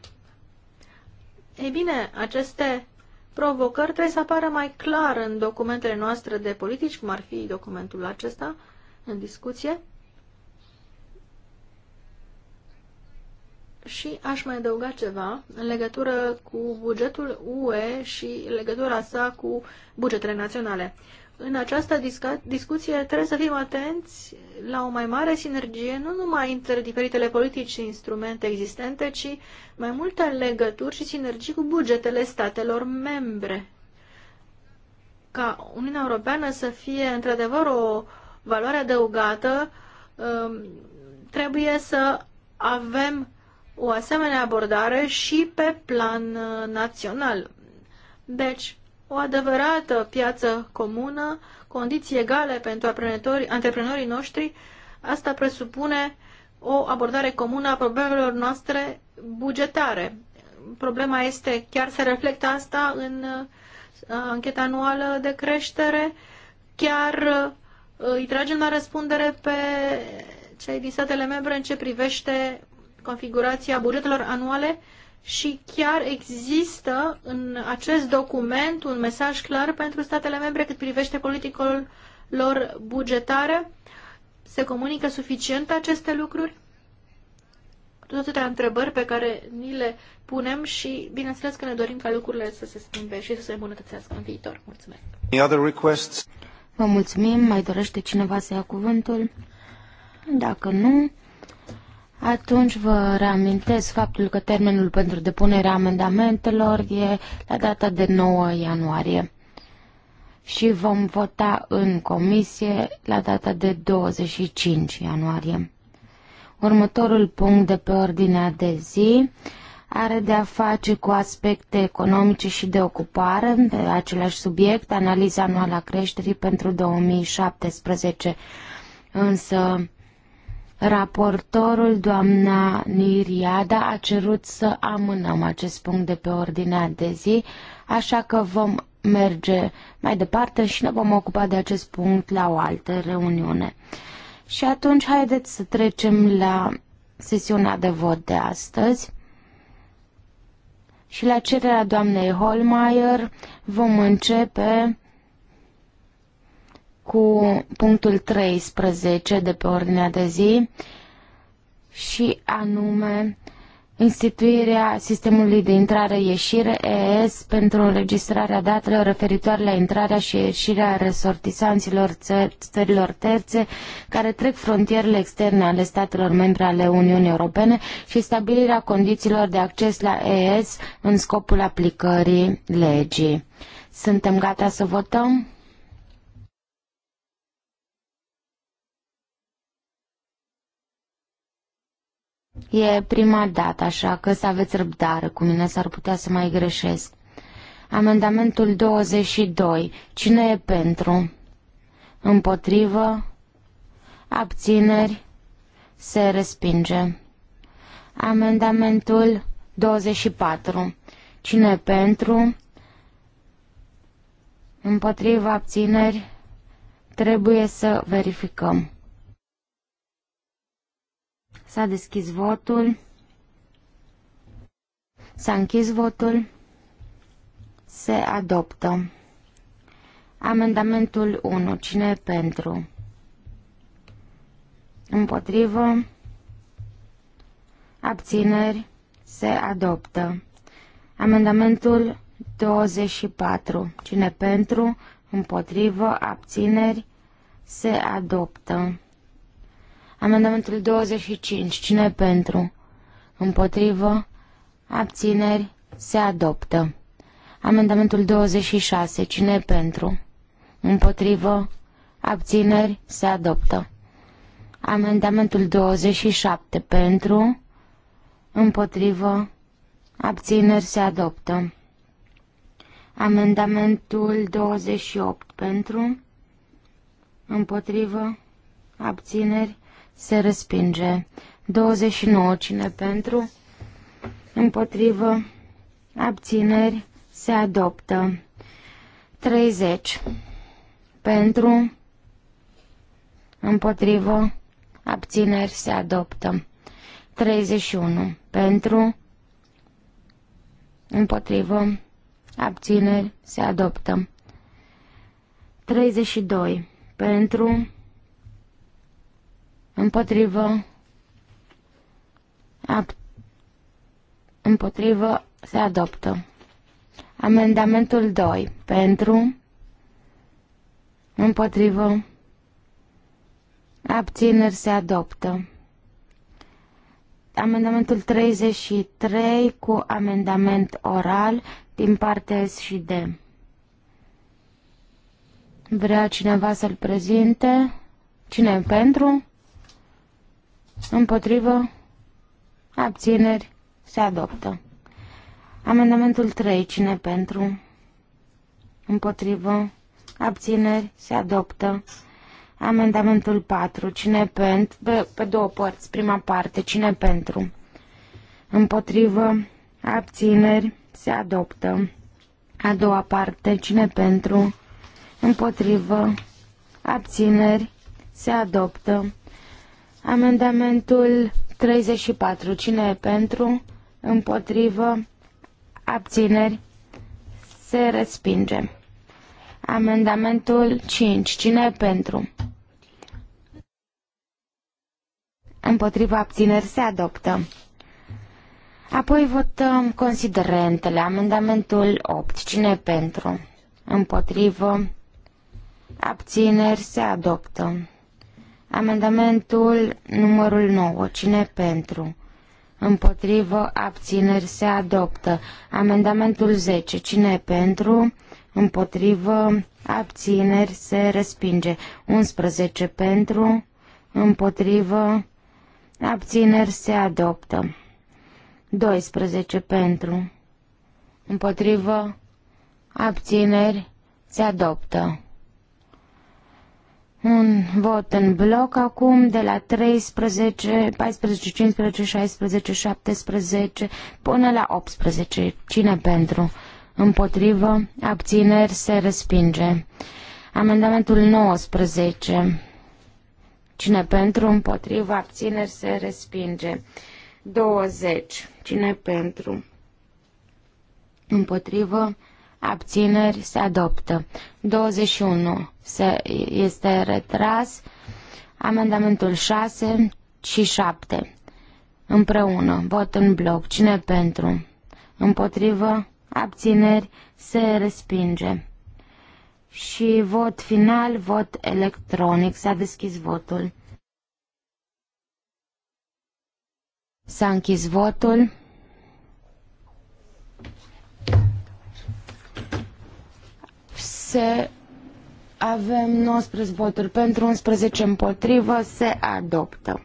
Ei bine, aceste provocări trebuie să apară mai clar în documentele noastre de politici, cum ar fi documentul acesta în discuție, Și aș mai adăuga ceva în legătură cu bugetul UE și legătura sa cu bugetele naționale. În această discu discuție trebuie să fim atenți la o mai mare sinergie, nu numai între diferitele politici și instrumente existente, ci mai multe legături și sinergii cu bugetele statelor membre. Ca Uniunea Europeană să fie într-adevăr o valoare adăugată, um, trebuie să avem o asemenea abordare și pe plan uh, național. Deci, o adevărată piață comună, condiții egale pentru antreprenorii noștri, asta presupune o abordare comună a problemelor noastre bugetare. Problema este, chiar se reflectă asta în uh, ancheta anuală de creștere, chiar uh, îi tragem la răspundere pe cei din statele membre în ce privește configurația bugetelor anuale și chiar există în acest document un mesaj clar pentru statele membre cât privește politicul lor bugetare. Se comunică suficient aceste lucruri? Toate întrebări pe care ni le punem și bineînțeles că ne dorim ca lucrurile să se schimbe și să se îmbunătățească în viitor. Mulțumesc! Any other requests? Vă mulțumim. Mai dorește cineva să ia cuvântul? Dacă nu, atunci vă reamintesc faptul că termenul pentru depunerea amendamentelor e la data de 9 ianuarie și vom vota în comisie la data de 25 ianuarie. Următorul punct de pe ordinea de zi are de a face cu aspecte economice și de ocupare, de același subiect, analiza anuală a creșterii pentru 2017. Însă, Raportorul, doamna Niriada, a cerut să amânăm acest punct de pe ordinea de zi, așa că vom merge mai departe și ne vom ocupa de acest punct la o altă reuniune. Și atunci haideți să trecem la sesiunea de vot de astăzi. Și la cererea doamnei Holmeier vom începe cu punctul 13 de pe ordinea de zi și anume instituirea sistemului de intrare-ieșire ES pentru înregistrarea datelor referitoare la intrarea și ieșirea resortisanților țărilor terțe care trec frontierele externe ale statelor membre ale Uniunii Europene și stabilirea condițiilor de acces la ES în scopul aplicării legii. Suntem gata să votăm? E prima dată, așa că să aveți răbdare cu mine, s-ar putea să mai greșesc. Amendamentul 22. Cine e pentru? Împotrivă? Abțineri? Se respinge. Amendamentul 24. Cine e pentru? Împotrivă abțineri? Trebuie să verificăm. S-a deschis votul. S-a închis votul. Se adoptă. Amendamentul 1. Cine e pentru? Împotrivă. Abțineri. Se adoptă. Amendamentul 24. Cine pentru? Împotrivă. Abțineri. Se adoptă. Amendamentul 25. Cine pentru? Împotrivă? Abțineri? Se adoptă. Amendamentul 26. Cine pentru? Împotrivă? Abțineri? Se adoptă. Amendamentul 27. Pentru? Împotrivă? Abțineri? Se adoptă. Amendamentul 28. Pentru? Împotrivă? Abțineri? se respinge. 29. Cine pentru? Împotrivă. Abțineri. Se adoptă. 30. Pentru. Împotrivă. Abțineri. Se adoptă. 31. Pentru. Împotrivă. Abțineri. Se adoptă. 32. Pentru împotrivă, ab, împotrivă, se adoptă. Amendamentul 2, pentru, împotrivă, abțineri, se adoptă. Amendamentul 33 cu amendament oral din partea S și D. Vrea cineva să-l prezinte? Cine pentru? Împotrivă? Abțineri? Se adoptă. Amendamentul 3. Cine pentru? Împotrivă? Abțineri? Se adoptă. Amendamentul 4. Cine pentru? Pe, pe două părți. Prima parte. Cine pentru? Împotrivă? Abțineri? Se adoptă. A doua parte. Cine pentru? Împotrivă? Abțineri? Se adoptă. Amendamentul 34. Cine e pentru? Împotrivă? Abțineri? Se respinge. Amendamentul 5. Cine e pentru? Împotriva abțineri se adoptă. Apoi votăm considerentele. Amendamentul 8. Cine e pentru? Împotrivă? Abțineri se adoptă. Amendamentul numărul 9. Cine pentru? Împotrivă, abțineri, se adoptă. Amendamentul 10. Cine pentru? Împotrivă, abțineri, se respinge. 11 pentru, împotrivă, abțineri, se adoptă. 12 pentru, împotrivă, abțineri, se adoptă un vot în bloc acum de la 13, 14, 15, 16, 17 până la 18. Cine pentru? Împotrivă? Abțineri? Se respinge. Amendamentul 19. Cine pentru? Împotrivă? Abțineri? Se respinge. 20. Cine pentru? Împotrivă? abțineri, se adoptă. 21 se, este retras. Amendamentul 6 și 7 împreună. Vot în bloc. Cine pentru? Împotrivă, abțineri, se respinge. Și vot final, vot electronic. S-a deschis votul. S-a închis votul. abțineri avem 19 voturi pentru 11 împotrivă, se adoptă.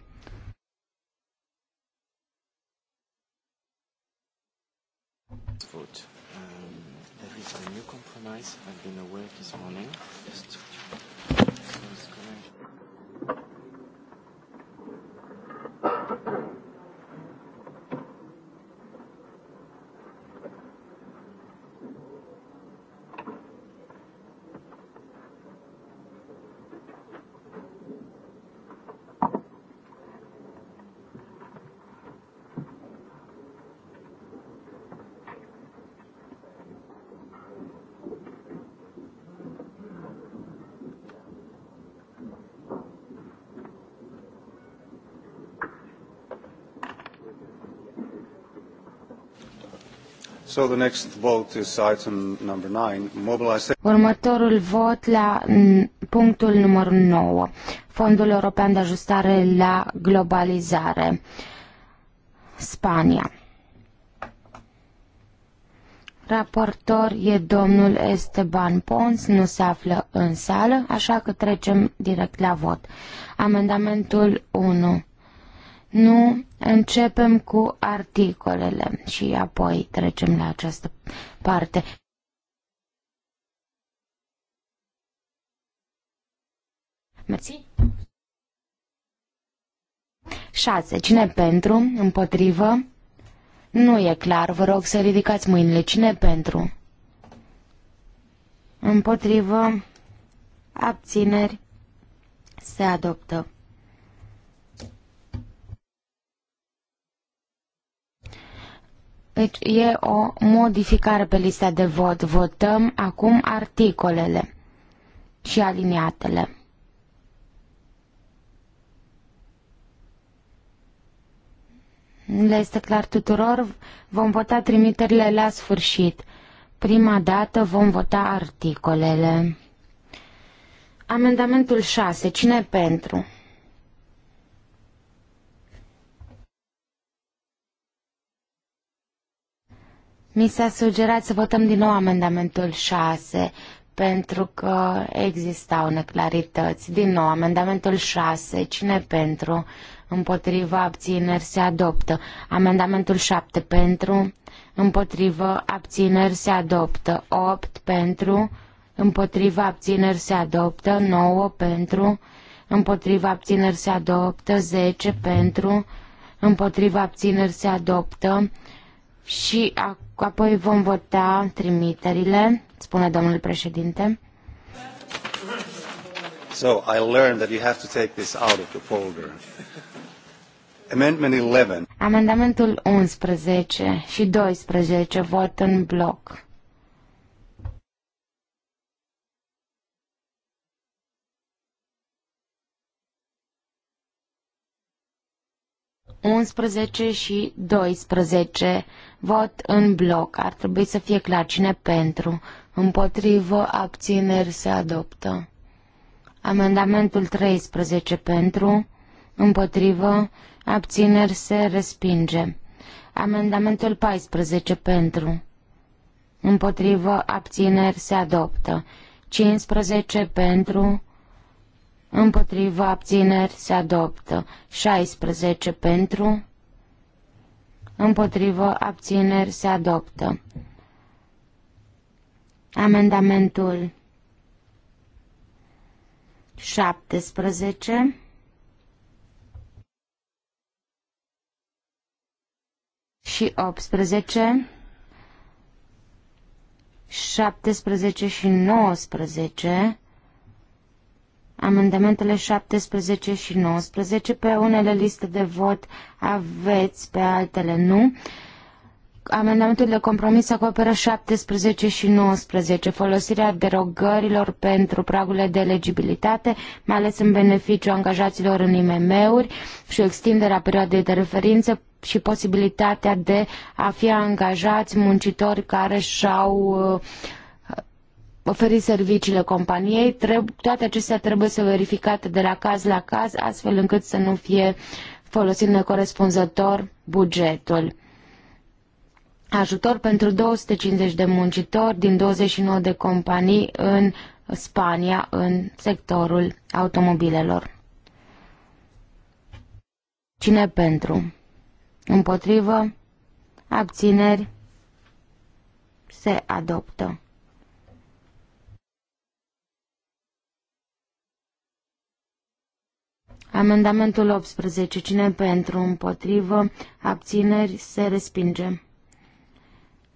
So the next vote is item number nine, mobilization. Următorul vot la punctul numărul 9, Fondul European de Ajustare la Globalizare, Spania. Raportor e domnul Esteban Pons, nu se află în sală, așa că trecem direct la vot. Amendamentul 1. Nu, începem cu articolele și apoi trecem la această parte. Mersi. 6. Cine pentru? Împotrivă? Nu e clar, vă rog să ridicați mâinile. Cine pentru? Împotrivă? Abțineri? Se adoptă. Deci e o modificare pe lista de vot. Votăm acum articolele și aliniatele. Le este clar tuturor, vom vota trimiterile la sfârșit. Prima dată vom vota articolele. Amendamentul 6. Cine pentru? Mi s-a sugerat să votăm din nou amendamentul 6, pentru că existau neclarități. Din nou, amendamentul 6, cine pentru? împotriva abțineri, se adoptă. Amendamentul 7, pentru? împotriva abțineri, se adoptă. 8, pentru? împotriva abțineri, se adoptă. 9, pentru? împotriva abțineri, se adoptă. 10, pentru? împotriva abțineri, se adoptă. Și acum apoi vom vota trimiterile, spune domnul președinte. So I learned that you have to take this out of the folder. Amendment 11. Amendamentul 11 și 12 vot în bloc. Unsprezece și 12 Vot în bloc. Ar trebui să fie clar cine pentru. Împotrivă, abțineri se adoptă. Amendamentul 13 pentru. Împotrivă, abțineri se respinge. Amendamentul 14 pentru. Împotrivă, abțineri se adoptă. 15 pentru. Împotrivă, abțineri se adoptă. 16 pentru împotrivă, abțineri, se adoptă. Amendamentul 17 și 18, 17 și 19 Amendamentele 17 și 19 pe unele liste de vot aveți, pe altele nu. Amendamentul de compromis acoperă 17 și 19, folosirea derogărilor pentru pragurile de eligibilitate, mai ales în beneficiu angajaților în IMM-uri și extinderea perioadei de referință și posibilitatea de a fi angajați muncitori care și-au uh, oferi serviciile companiei, toate acestea trebuie să verificate de la caz la caz, astfel încât să nu fie folosit necorespunzător bugetul. Ajutor pentru 250 de muncitori din 29 de companii în Spania, în sectorul automobilelor. Cine pentru? Împotrivă? Abțineri? Se adoptă. Amendamentul 18. Cine pentru, împotrivă, abțineri, se respinge.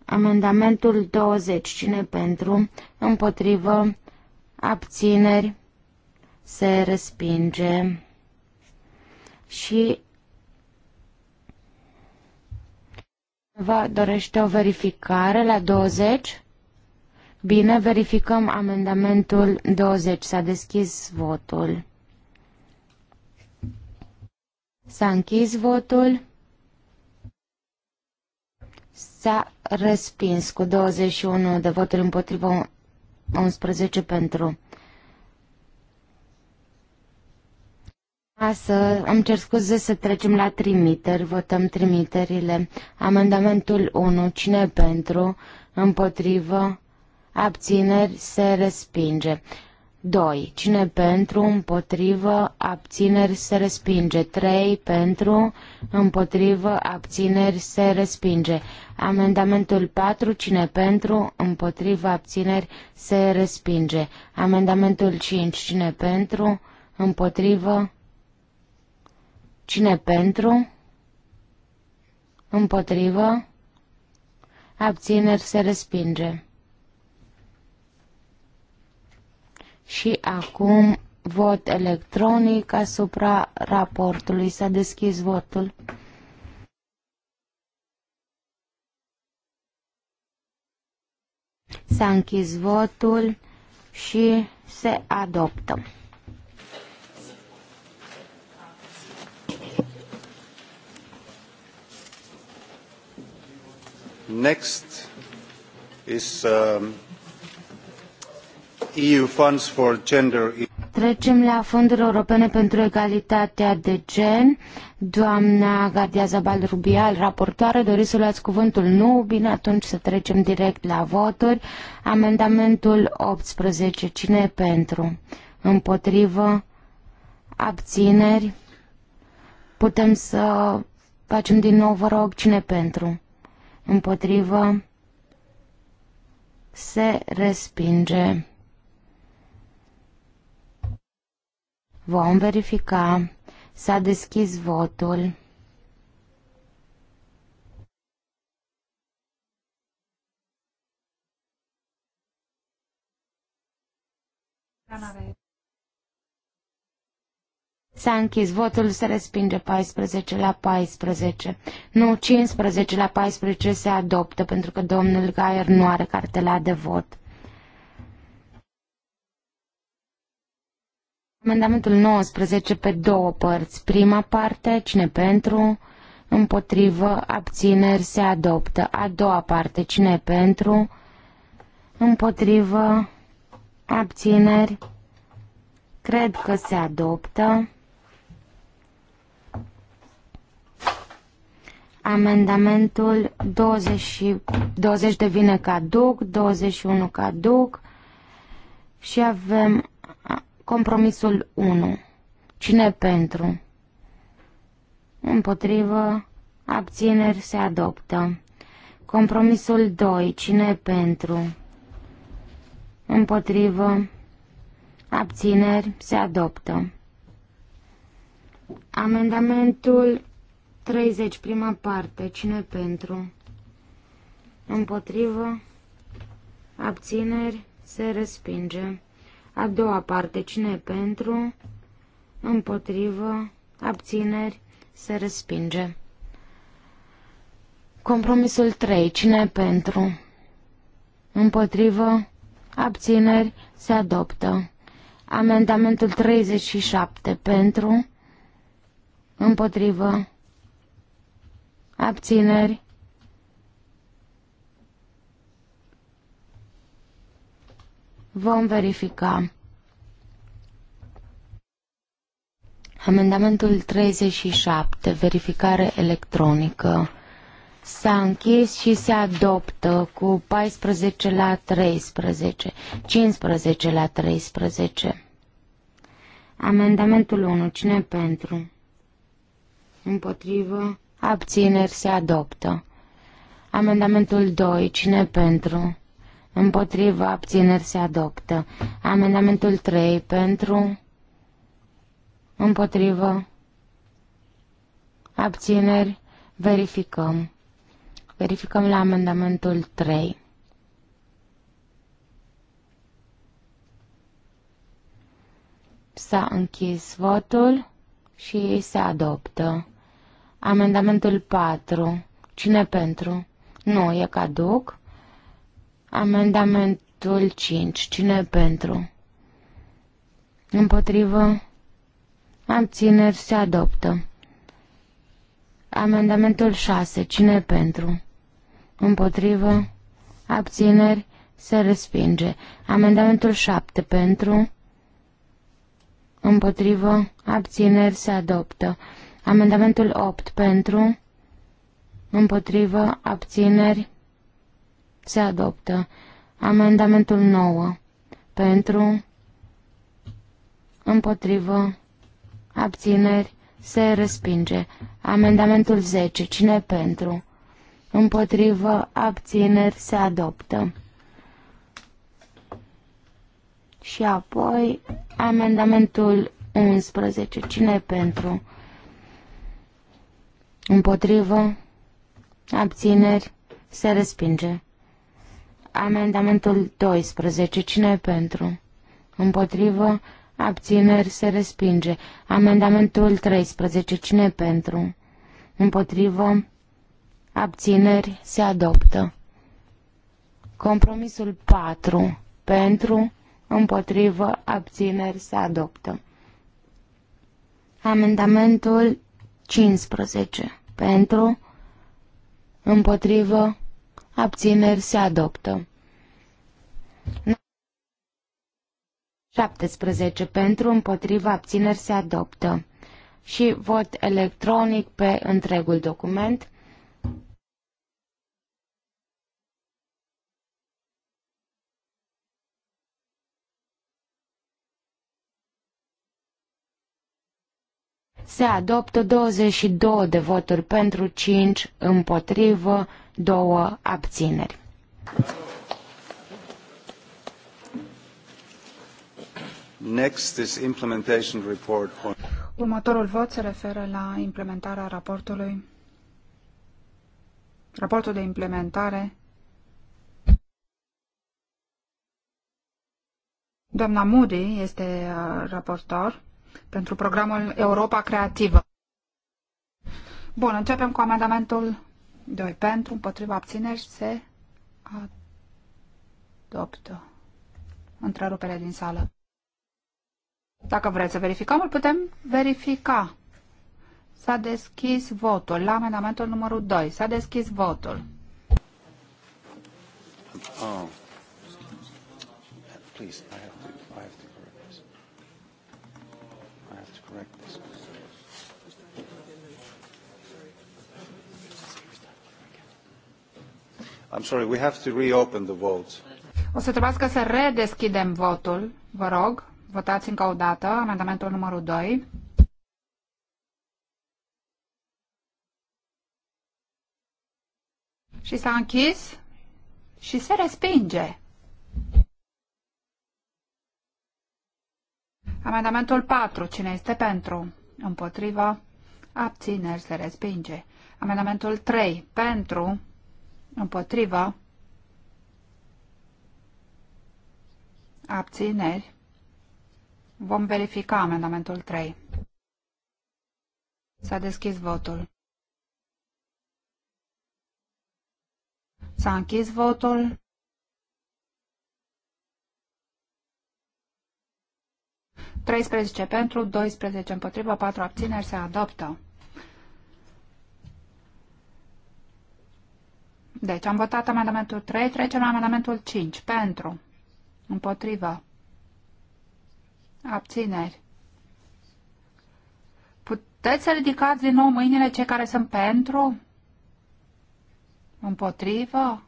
Amendamentul 20. Cine pentru, împotrivă, abțineri, se respinge. Și Vă dorește o verificare la 20? Bine, verificăm amendamentul 20. S-a deschis votul. S-a închis votul. S-a respins cu 21 de voturi împotriva 11 pentru. Să, am cer scuze să trecem la trimiteri, votăm trimiterile. Amendamentul 1, cine pentru, împotrivă, abțineri, se respinge. 2. Cine pentru, împotrivă, abțineri se respinge. 3. Pentru, împotrivă, abțineri se respinge. Amendamentul 4. Cine pentru, împotrivă, abțineri se respinge. Amendamentul 5. Cine pentru, împotrivă, cine pentru, împotrivă, abțineri se respinge. Și acum vot electronic asupra raportului. S-a deschis votul. S-a închis votul și se adoptă. Next is um, EU funds for gender. Trecem la fonduri europene pentru egalitatea de gen. Doamna Gardia Zabal Rubial, raportoare, doriți să luați cuvântul? Nu? Bine, atunci să trecem direct la voturi. Amendamentul 18. Cine e pentru? Împotrivă? Abțineri? Putem să facem din nou, vă rog, cine pentru? Împotrivă? se respinge. Vom verifica. S-a deschis votul. S-a închis votul, se respinge 14 la 14. Nu, 15 la 14 se adoptă, pentru că domnul Gaier nu are cartela de vot. Amendamentul 19 pe două părți. Prima parte, cine pentru, împotrivă, abțineri, se adoptă. A doua parte, cine pentru, împotrivă, abțineri, cred că se adoptă. Amendamentul 20, 20 devine caduc, 21 caduc și avem Compromisul 1. Cine pentru? Împotrivă. Abțineri se adoptă. Compromisul 2. Cine pentru? Împotrivă. Abțineri se adoptă. Amendamentul 30, prima parte. Cine pentru? Împotrivă. Abțineri se respinge. A doua parte, cine e pentru, împotrivă, abțineri, se respinge. Compromisul 3, cine e pentru, împotrivă, abțineri, se adoptă. Amendamentul 37, pentru, împotrivă, abțineri, Vom verifica. Amendamentul 37, verificare electronică. S-a închis și se adoptă cu 14 la 13, 15 la 13. Amendamentul 1, cine pentru? Împotrivă, abțineri se adoptă. Amendamentul 2, cine pentru? Împotriva abțineri se adoptă. Amendamentul 3 pentru. Împotrivă. Abțineri. Verificăm. Verificăm la amendamentul 3. S-a închis votul și se adoptă. Amendamentul 4. Cine pentru? Nu, e caduc. Amendamentul 5. Cine pentru? Împotrivă? Abțineri se adoptă. Amendamentul 6. Cine pentru? Împotrivă? Abțineri se respinge. Amendamentul 7. Pentru? Împotrivă? Abțineri se adoptă. Amendamentul 8. Pentru? Împotrivă? Abțineri se adoptă. Amendamentul 9. Pentru. Împotrivă. Abțineri. Se respinge. Amendamentul 10. Cine pentru? Împotrivă. Abțineri. Se adoptă. Și apoi amendamentul 11. Cine pentru? Împotrivă. Abțineri. Se respinge. Amendamentul 12. Cine e pentru? Împotrivă? Abțineri se respinge. Amendamentul 13. Cine e pentru? Împotrivă? Abțineri se adoptă. Compromisul 4. Pentru? Împotrivă? Abțineri se adoptă. Amendamentul 15. Pentru? Împotrivă? Abțineri se adoptă. 17 pentru, împotriva, abțineri se adoptă. Și vot electronic pe întregul document. Se adoptă 22 de voturi pentru, 5 împotrivă, 2 abțineri. Next is implementation report on... Următorul vot se referă la implementarea raportului. Raportul de implementare. Doamna Moody este uh, raportor pentru programul Europa Creativă. Bun, începem cu amendamentul 2. Pentru, împotriva abțineri, se adoptă. Întrerupere din sală. Dacă vreți să verificăm, îl putem verifica. S-a deschis votul la amendamentul numărul 2. S-a deschis votul. Oh. Please, I I'm sorry, we have to reopen the vote. O să trebuiască să redeschidem votul. Vă rog, votați încă o dată amendamentul numărul 2. Și s-a închis și se respinge. Amendamentul 4. Cine este pentru? Împotrivă. Abțineri se respinge. Amendamentul 3. Pentru împotriva, abțineri, vom verifica amendamentul 3. S-a deschis votul. S-a închis votul. Treisprezece pentru, doisprezece împotriva, patru abțineri se adoptă. Deci am votat amendamentul 3, trecem la amendamentul 5. Pentru. Împotrivă. Abțineri. Puteți să ridicați din nou mâinile cei care sunt pentru? Împotrivă?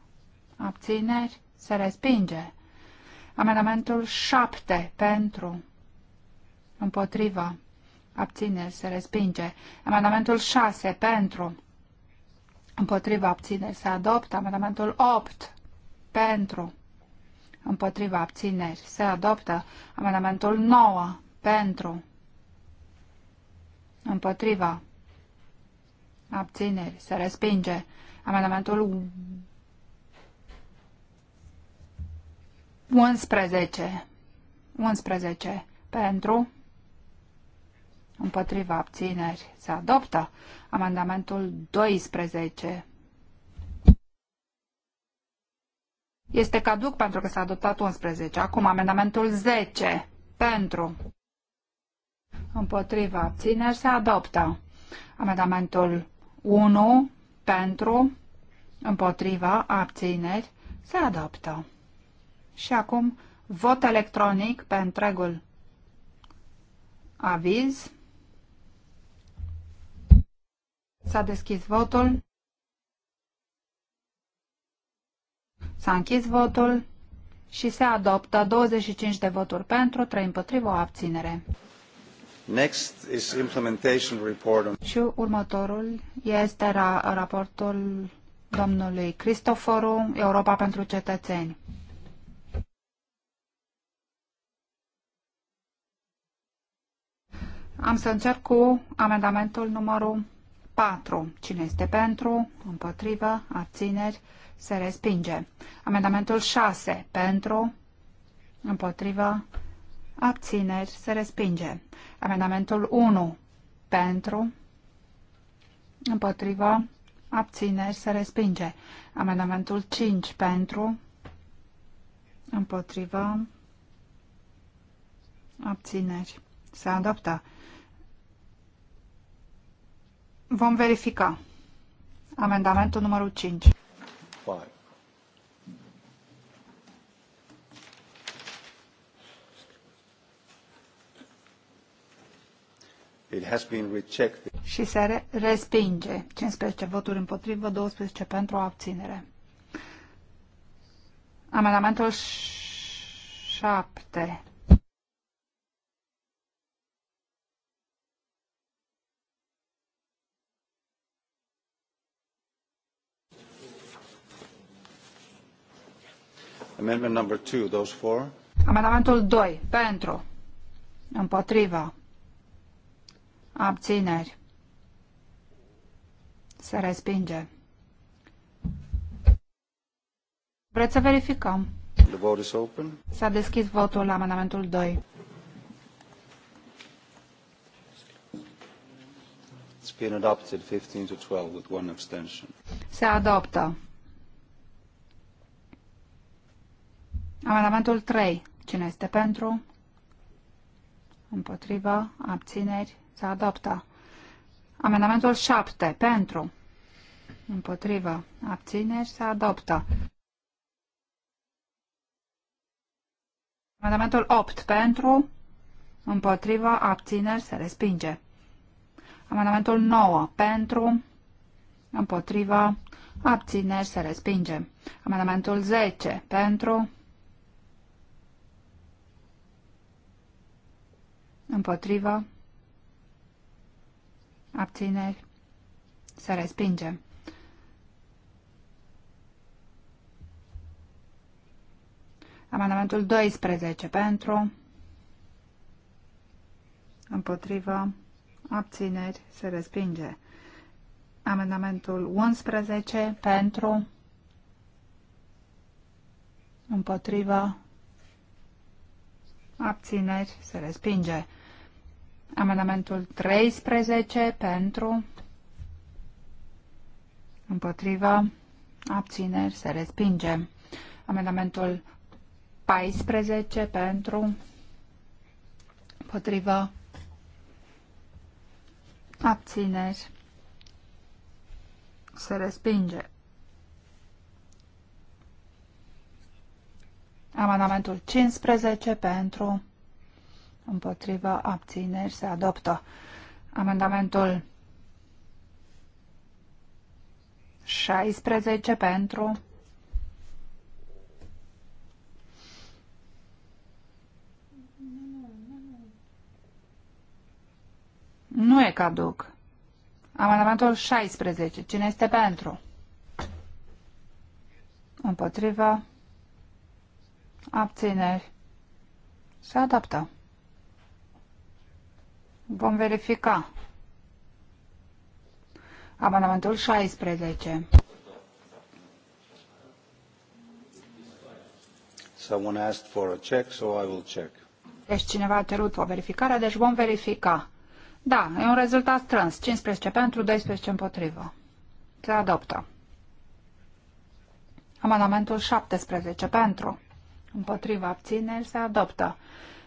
Abțineri? Se respinge. Amendamentul 7. Pentru. Împotrivă. Abțineri. Se respinge. Amendamentul 6. Pentru. Împotriva abțineri se adoptă amendamentul 8 pentru. Împotriva abțineri se adoptă amendamentul 9 pentru. Împotriva abțineri se respinge amendamentul 11. 11 pentru împotriva abțineri se adoptă. Amendamentul 12 este caduc pentru că s-a adoptat 11. Acum amendamentul 10 pentru împotriva abțineri se adoptă. Amendamentul 1 pentru împotriva abțineri se adoptă. Și acum vot electronic pe întregul aviz. S-a deschis votul. S-a închis votul și se adoptă 25 de voturi pentru, 3 împotrivă, o abținere. Next is implementation report on... Și următorul este ra raportul domnului Cristoforu, Europa pentru cetățeni. Am să încerc cu amendamentul numărul 4. Cine este pentru? Împotrivă? Abțineri? Se respinge. Amendamentul 6. Pentru? Împotrivă? Abțineri? Se respinge. Amendamentul 1. Pentru? Împotrivă? Abțineri? Se respinge. Amendamentul 5. Pentru? Împotrivă? Abțineri? Se adoptă. Vom verifica. Amendamentul numărul 5. Five. It has been rejected. Și se respinge. 15 voturi împotrivă, 12 pentru abținere. Amendamentul 7. Amendment number those Amendamentul 2, pentru. Împotrivă. Abțineri. Se respinge. Vreți să verificăm? The vote is open. S-a deschis votul la amendamentul 2. It's been adopted 15 to 12 with one abstention. Se adoptă Amendamentul 3. Cine este pentru? Împotrivă. Abțineri. Se adoptă. Amendamentul 7. Pentru. Împotrivă. Abțineri. Se adoptă. Amendamentul 8. Pentru. Împotrivă. Abțineri. Se respinge. Amendamentul 9. Pentru. Împotrivă. Abțineri. Se respinge. Amendamentul 10. Pentru. împotrivă, abțineri, se respinge. Amendamentul 12 pentru, împotrivă, abțineri, se respinge. Amendamentul 11 pentru, împotrivă, abțineri, se respinge. Amendamentul 13 pentru, împotriva, abțineri, se respinge. Amendamentul 14 pentru, împotriva, abțineri, se respinge. Amendamentul 15 pentru, împotrivă, abțineri, se adoptă. Amendamentul 16 pentru, Nu e caduc. Amendamentul 16. Cine este pentru? Împotrivă. Abțineri. Se adaptă. Vom verifica. Amendamentul 16. Someone asked for a check, so I will check. Deci cineva a cerut o verificare, deci vom verifica. Da, e un rezultat strâns. 15 pentru, 12 împotrivă. Se adoptă. Amendamentul 17 pentru. Împotrivă abțineri se adoptă.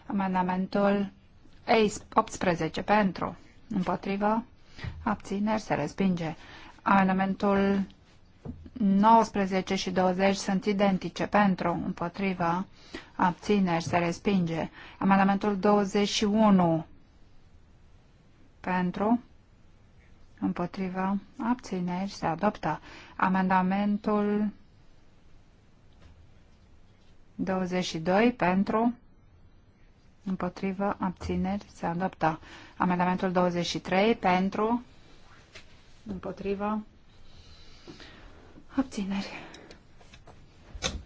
Amendamentul 18 pentru, împotrivă, abțineri, se respinge. Amendamentul 19 și 20 sunt identice pentru, Împotrivă. abțineri, se respinge. Amendamentul 21 pentru, Împotrivă. abțineri, se adoptă. Amendamentul 22 pentru, Împotrivă, abțineri, se adoptă. Amendamentul 23 pentru, împotrivă, abțineri,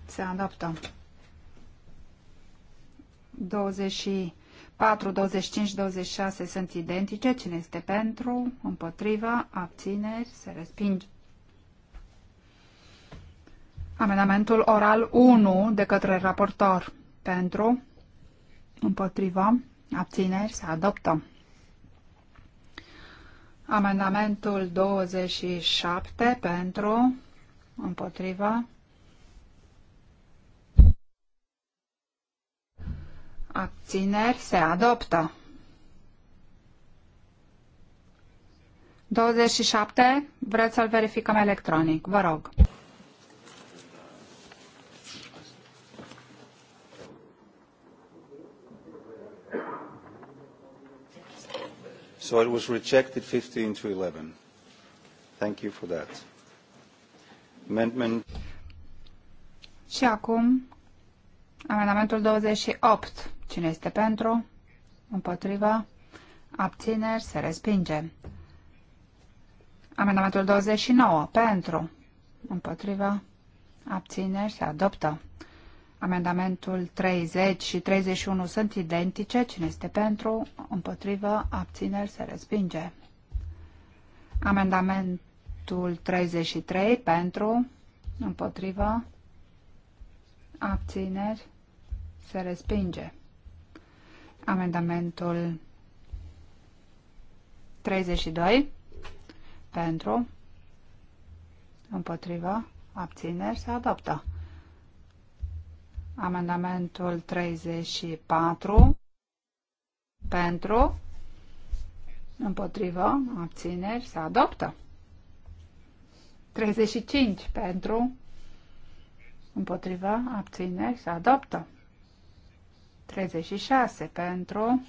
se adoptă. 24, 25, 26 sunt identice. Cine este pentru, împotrivă, abțineri, se respinge. Amendamentul oral 1 de către raportor pentru, Împotriva. Abțineri. Se adoptă. Amendamentul 27 pentru. Împotriva. Abțineri. Se adoptă. 27. Vreți să-l verificăm electronic. Vă rog. So it was rejected 15 to 11. Thank you for that. Amendment. Și acum, amendamentul 28. Cine este pentru? Împotriva? Abțineri? Se respinge. Amendamentul 29. Pentru? Împotriva? Abțineri? Se adoptă. Amendamentul 30 și 31 sunt identice. Cine este pentru? Împotrivă? Abțineri? Se respinge. Amendamentul 33 pentru? Împotrivă? Abțineri? Se respinge. Amendamentul 32 pentru? Împotrivă? Abțineri? Se adoptă. Amendamentul 34 pentru, împotrivă, abțineri, se adoptă. 35 pentru, împotrivă, abțineri, se adoptă. 36 pentru,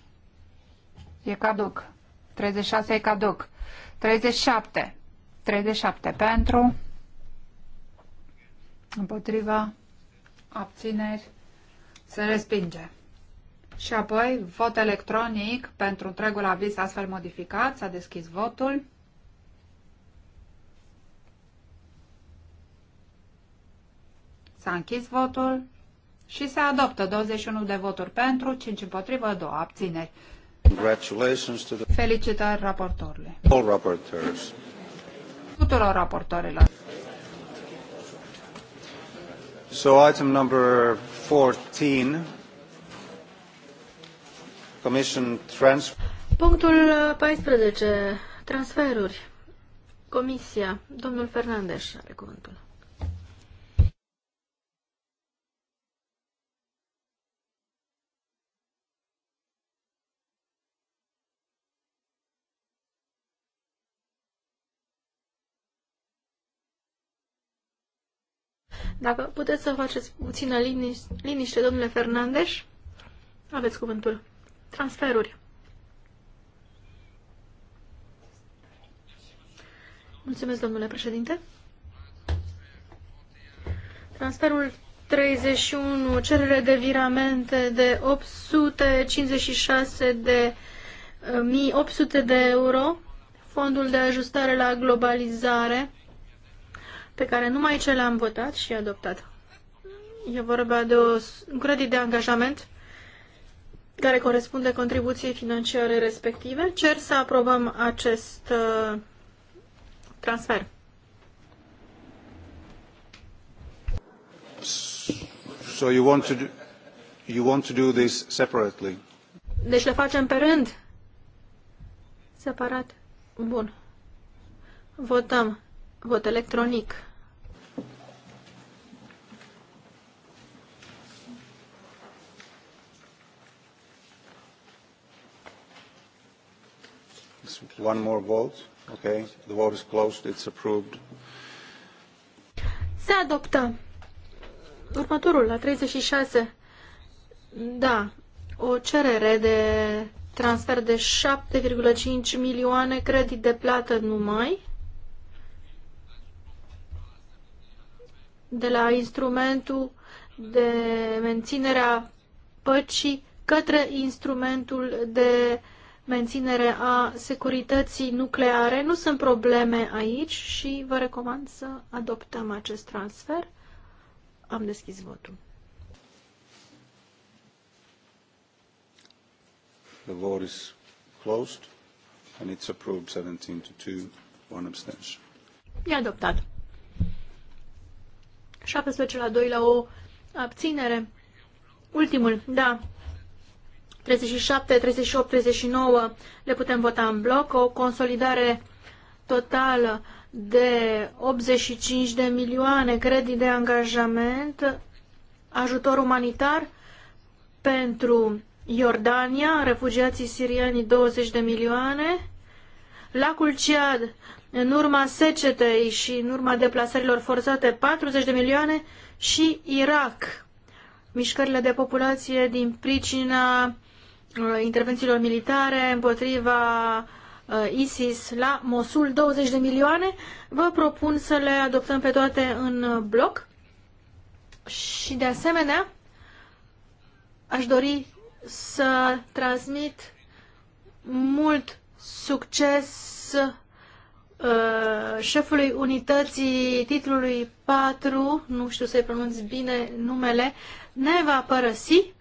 e caduc. 36 e caduc. 37, 37 pentru, împotriva, abțineri, se respinge. Și apoi vot electronic pentru întregul aviz astfel modificat. S-a deschis votul. S-a închis votul și se adoptă 21 de voturi pentru, 5 împotrivă, 2 abțineri. Felicitări raportorului. All Tuturor raportorilor. So item number 14, Commission Transfer. Punctul 14, transferuri. Comisia, domnul Fernandez are cuvântul. Dacă puteți să faceți puțină liniște, liniște domnule Fernandes, aveți cuvântul. Transferuri. Mulțumesc, domnule președinte. Transferul 31, cerere de viramente de 856 de 1800 de euro, fondul de ajustare la globalizare pe care numai ce le-am votat și adoptat. E vorba de o, un credit de angajament care corespunde contribuției financiare respective. Cer să aprobăm acest uh, transfer. So you want to do, you want to do this separately? Deci le facem pe rând? Separat. Bun. Votăm. Vot electronic. one more vote. Okay, the vote is closed. It's approved. Se adoptă. Următorul, la 36. Da, o cerere de transfer de 7,5 milioane credit de plată numai de la instrumentul de menținere a păcii către instrumentul de menținere a securității nucleare. Nu sunt probleme aici și vă recomand să adoptăm acest transfer. Am deschis votul. The vote is closed and it's approved 17 to 2, one abstention. E adoptat. 17 la 2 la o abținere. Ultimul, da, 37, 38, 39 le putem vota în bloc, o consolidare totală de 85 de milioane credit de angajament, ajutor umanitar pentru Iordania, refugiații sirieni 20 de milioane, lacul Ciad în urma secetei și în urma deplasărilor forțate 40 de milioane și Irak, mișcările de populație din pricina Uh, intervențiilor militare împotriva uh, ISIS la Mosul, 20 de milioane. Vă propun să le adoptăm pe toate în bloc și de asemenea aș dori să transmit mult succes uh, șefului unității titlului 4, nu știu să-i pronunț bine numele, ne va părăsi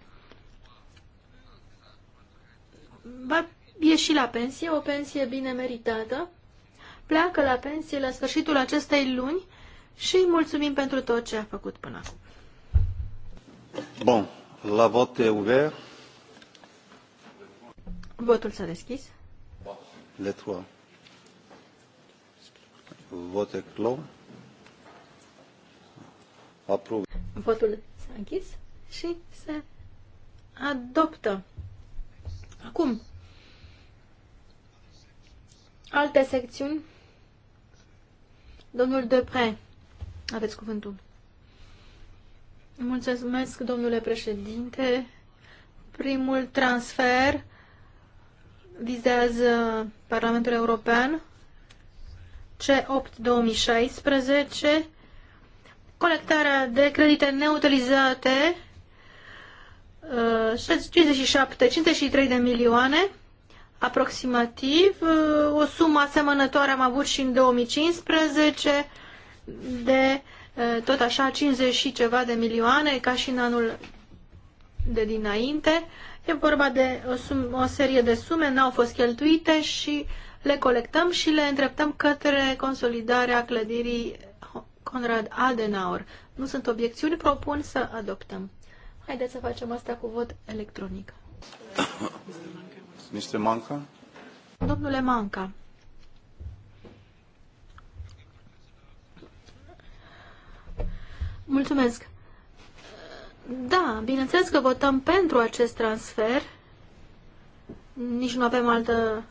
va ieși la pensie, o pensie bine meritată, pleacă la pensie la sfârșitul acestei luni și îi mulțumim pentru tot ce a făcut până acum. Bun, la vot e uver. Votul s-a deschis. Le trois. Vot e clos. Aprov. Votul s-a închis și se adoptă. Acum, Alte secțiuni? Domnul Depre, aveți cuvântul. Mulțumesc, domnule președinte. Primul transfer vizează Parlamentul European, C8 2016, colectarea de credite neutilizate, 57, uh, 53 de milioane, aproximativ. Uh, o sumă asemănătoare am avut și în 2015 de uh, tot așa 50 și ceva de milioane, ca și în anul de dinainte. E vorba de o, sum, o serie de sume, n-au fost cheltuite și le colectăm și le îndreptăm către consolidarea clădirii Conrad Adenauer. Nu sunt obiecțiuni, propun să adoptăm. Haideți să facem asta cu vot electronic. Mr. Manca? Domnule Manca, Mulțumesc. Da, bineînțeles că votăm pentru acest transfer. Nici nu avem altă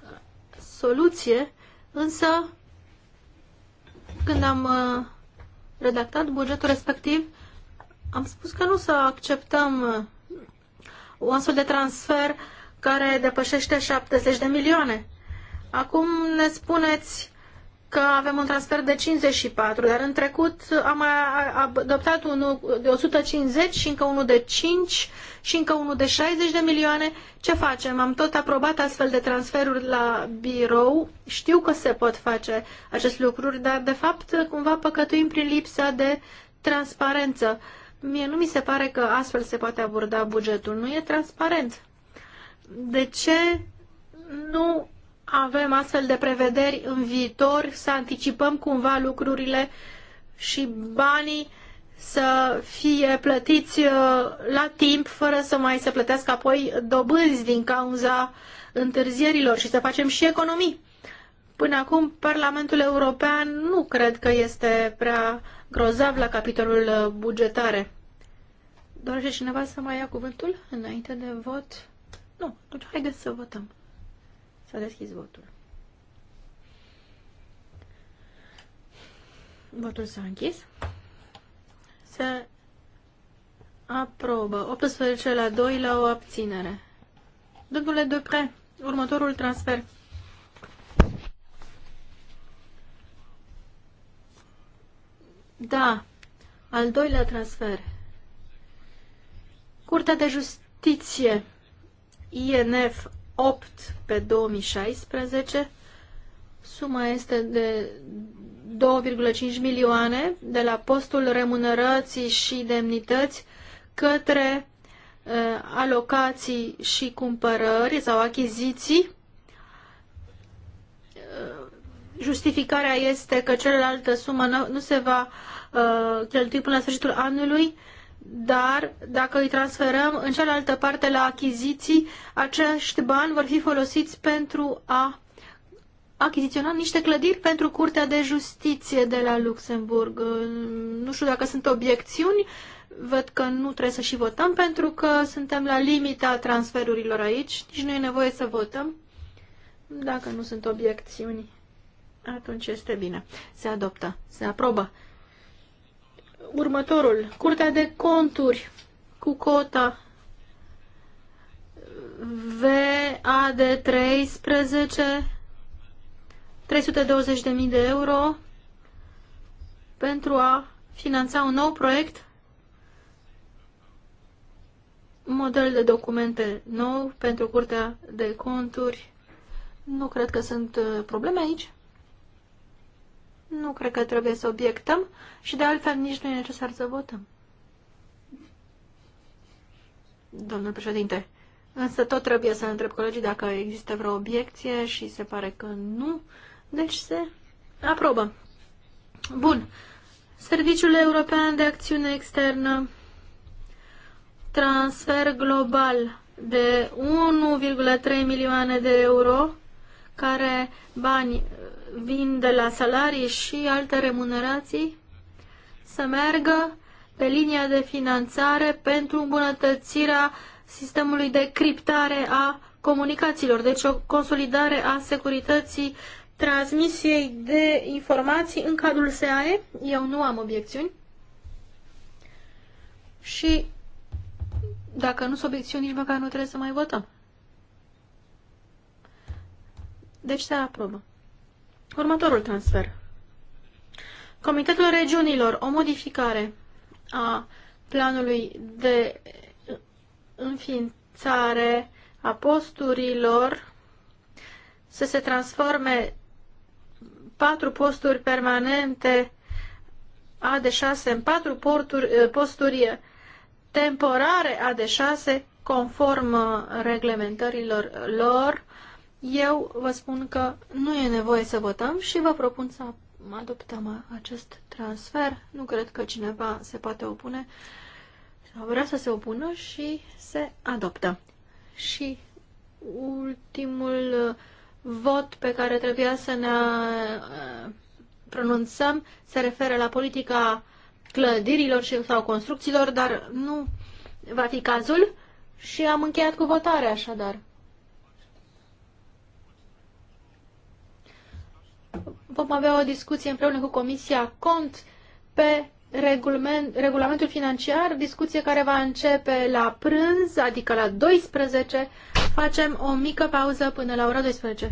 soluție, însă când am uh, redactat bugetul respectiv, am spus că nu să acceptăm un uh, astfel de transfer care depășește 70 de milioane. Acum ne spuneți că avem un transfer de 54, dar în trecut am adoptat unul de 150 și încă unul de 5 și încă unul de 60 de milioane. Ce facem? Am tot aprobat astfel de transferuri la birou. Știu că se pot face acest lucruri, dar de fapt cumva păcătuim prin lipsa de transparență. Mie nu mi se pare că astfel se poate aborda bugetul. Nu e transparent de ce nu avem astfel de prevederi în viitor, să anticipăm cumva lucrurile și banii să fie plătiți uh, la timp, fără să mai se plătească apoi dobânzi din cauza întârzierilor și să facem și economii. Până acum, Parlamentul European nu cred că este prea grozav la capitolul uh, bugetare. Dorește cineva să mai ia cuvântul înainte de vot? Nu, atunci haideți să votăm. S-a deschis votul. Votul s-a închis. Se aprobă. 18 la 2 la o abținere. Domnule Dupre, următorul transfer. Da, al doilea transfer. Curtea de Justiție INF 8 pe 2016. Suma este de 2,5 milioane de la postul remunerății și demnități către uh, alocații și cumpărări sau achiziții. Uh, justificarea este că celălaltă sumă nu, nu se va uh, cheltui până la sfârșitul anului dar dacă îi transferăm în cealaltă parte la achiziții, acești bani vor fi folosiți pentru a achiziționa niște clădiri pentru Curtea de Justiție de la Luxemburg. Nu știu dacă sunt obiecțiuni, văd că nu trebuie să și votăm pentru că suntem la limita transferurilor aici, nici nu e nevoie să votăm. Dacă nu sunt obiecțiuni, atunci este bine. Se adoptă, se aprobă următorul. Curtea de conturi cu cota VAD 13 320.000 de euro pentru a finanța un nou proiect, model de documente nou pentru Curtea de Conturi. Nu cred că sunt uh, probleme aici. Nu cred că trebuie să obiectăm și de altfel nici nu e necesar să votăm. Domnul președinte, însă tot trebuie să întreb colegii dacă există vreo obiecție și se pare că nu, deci se aprobă. Bun. Serviciul European de Acțiune Externă. Transfer global de 1,3 milioane de euro, care bani vin de la salarii și alte remunerații să meargă pe linia de finanțare pentru îmbunătățirea sistemului de criptare a comunicațiilor, deci o consolidare a securității transmisiei de informații în cadrul SAE. Eu nu am obiecțiuni. Și dacă nu sunt obiecțiuni, nici măcar nu trebuie să mai votăm. Deci se aprobă. Următorul transfer. Comitetul Regiunilor, o modificare a planului de înființare a posturilor să se transforme patru posturi permanente a de 6 în patru porturi, eh, posturi temporare a de 6 conform eh, reglementărilor lor eu vă spun că nu e nevoie să votăm și vă propun să adoptăm acest transfer. Nu cred că cineva se poate opune sau vrea să se opună și se adoptă. Și ultimul vot pe care trebuia să ne uh, pronunțăm se referă la politica clădirilor sau construcțiilor, dar nu va fi cazul și am încheiat cu votarea așadar. vom avea o discuție împreună cu Comisia Cont pe regulament, regulamentul financiar, discuție care va începe la prânz, adică la 12. Facem o mică pauză până la ora 12.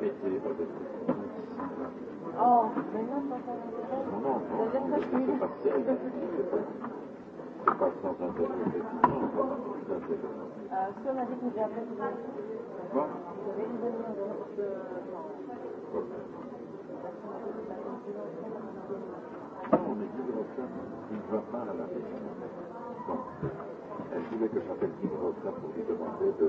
Mettez les protestations. Oh, mais non, ça, ça Non, non, non. C'est pas sérieux. C'est pas sans interprétation. Euh, si on a dit qu'il y avait Quoi Il y avait une demi-heure de... Non. Non, mais Guy Verhofstadt, il ne va pas à la région. Bon. Elle voulait que j'appelle Guy Verhofstadt pour lui demander de...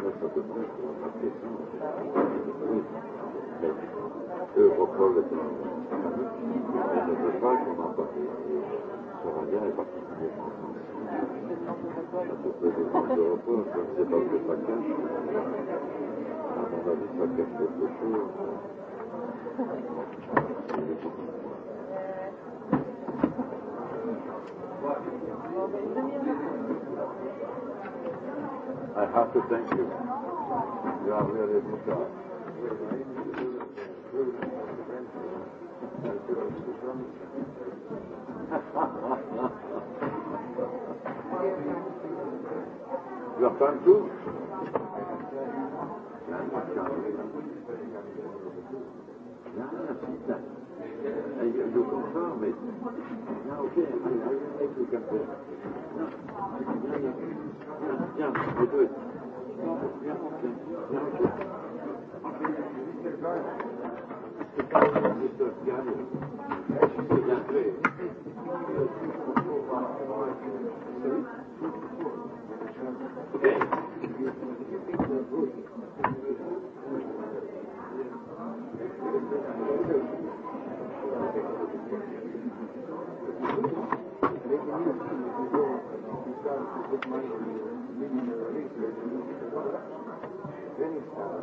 Eux reçoivent la et ne veulent pas qu'on en parle. Ce lien est particulièrement sensible. À cette demande de repos, je ne sais pas ce que ça cache. À mon avis, ça cache quelque chose. Thank you. I have to thank you. You are really a good guy. you have time too? Yeah, I yeah, that. I, you confirm it. Yeah, okay. I, I will make the campaign. Yeah, yeah, yeah. Yeah, yeah I do it. Yeah, okay. Yeah, okay. Okay. Mr. Garland, Mr. Garland, Mr. Garland.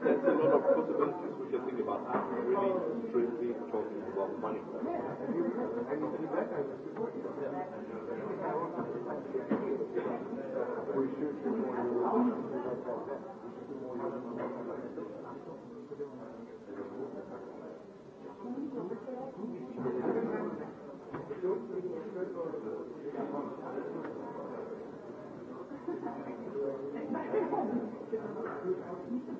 There's a lot of possibilities we you think about now. really strictly talking about money. Thank you.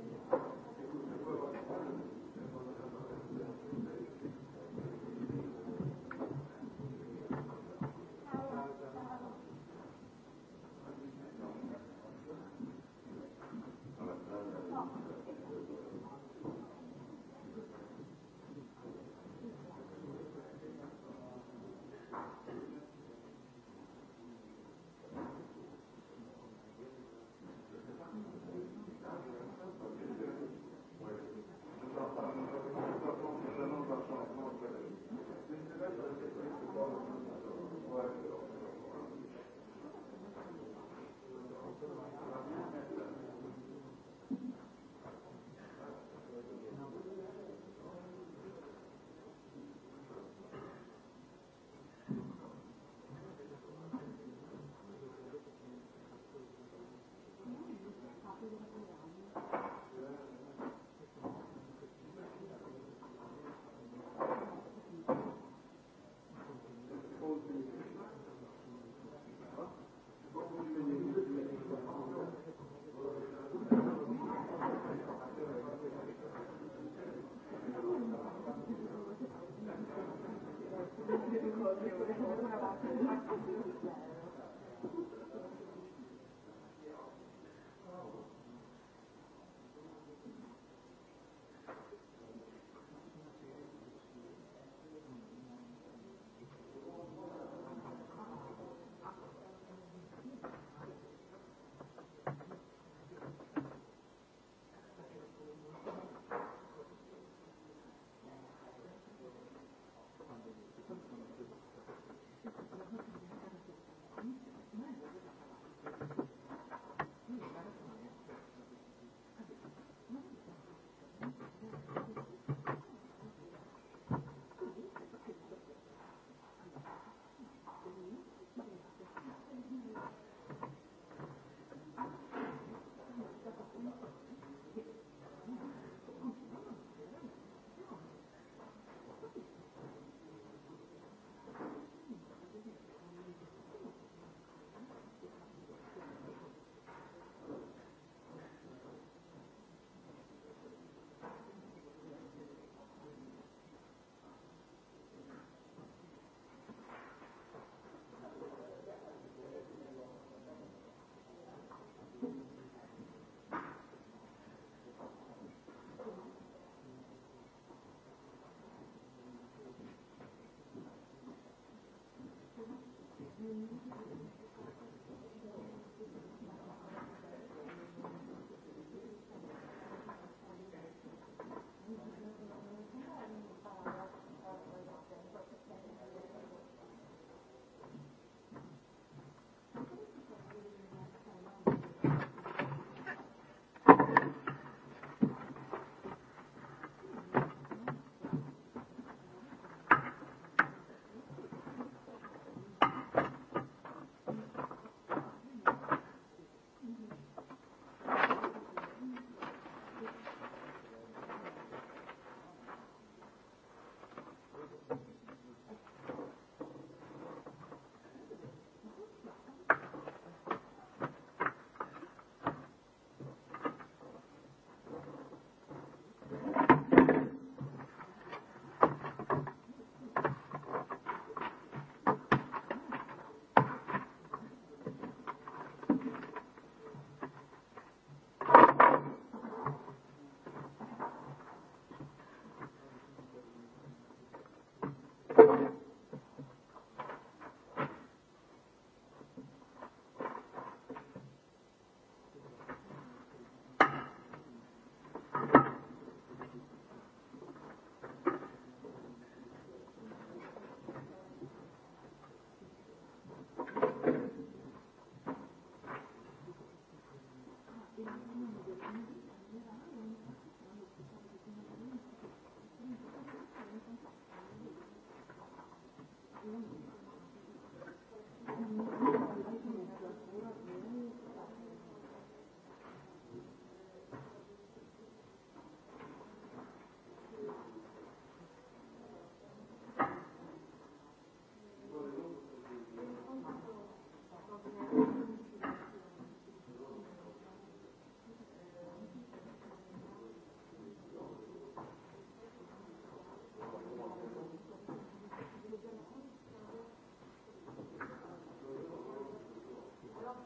Thank you.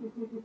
Thank you.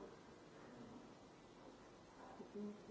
Mm-hmm.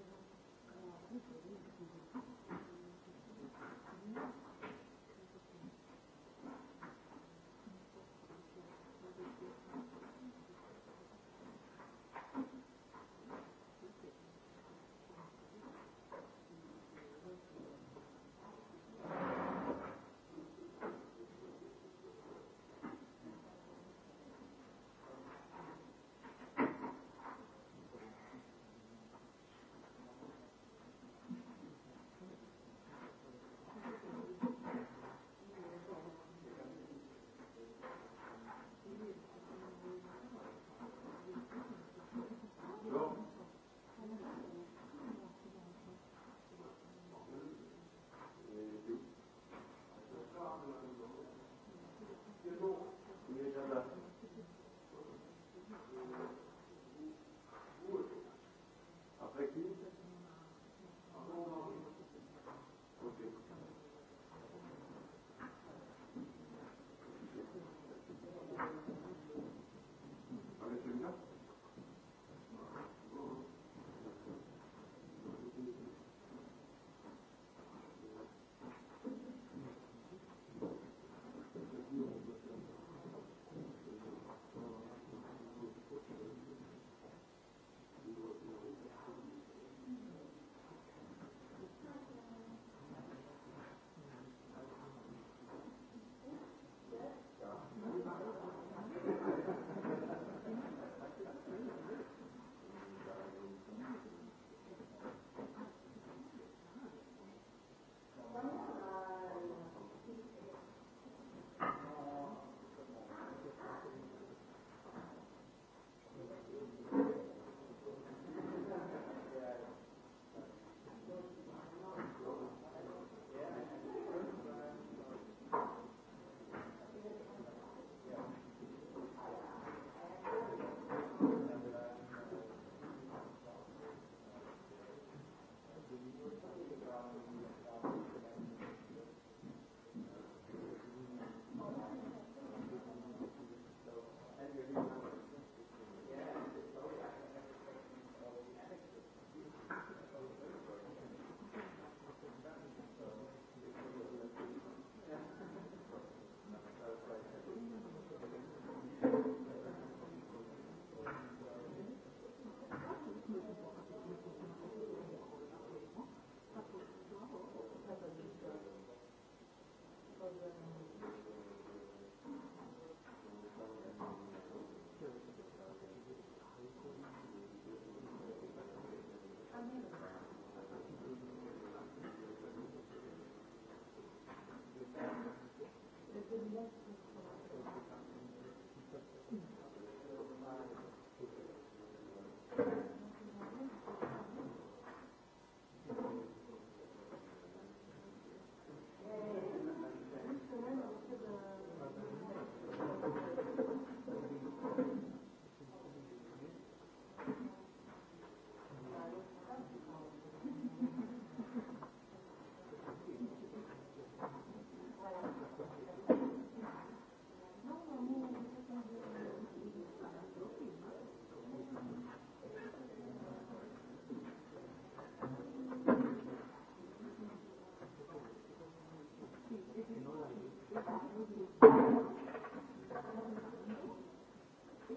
On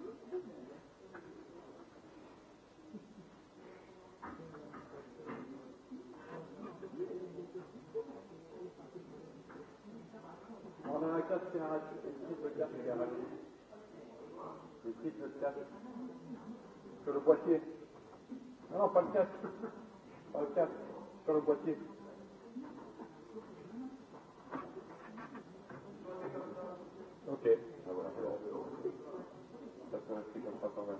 a un cas de caractère, le type de carte caractère. Le type de carte. Sur le boîtier. Non, non, pas le casque. Pas le casque. Sur le boîtier. Ok. Ah, voilà, voilà să fie în tratament.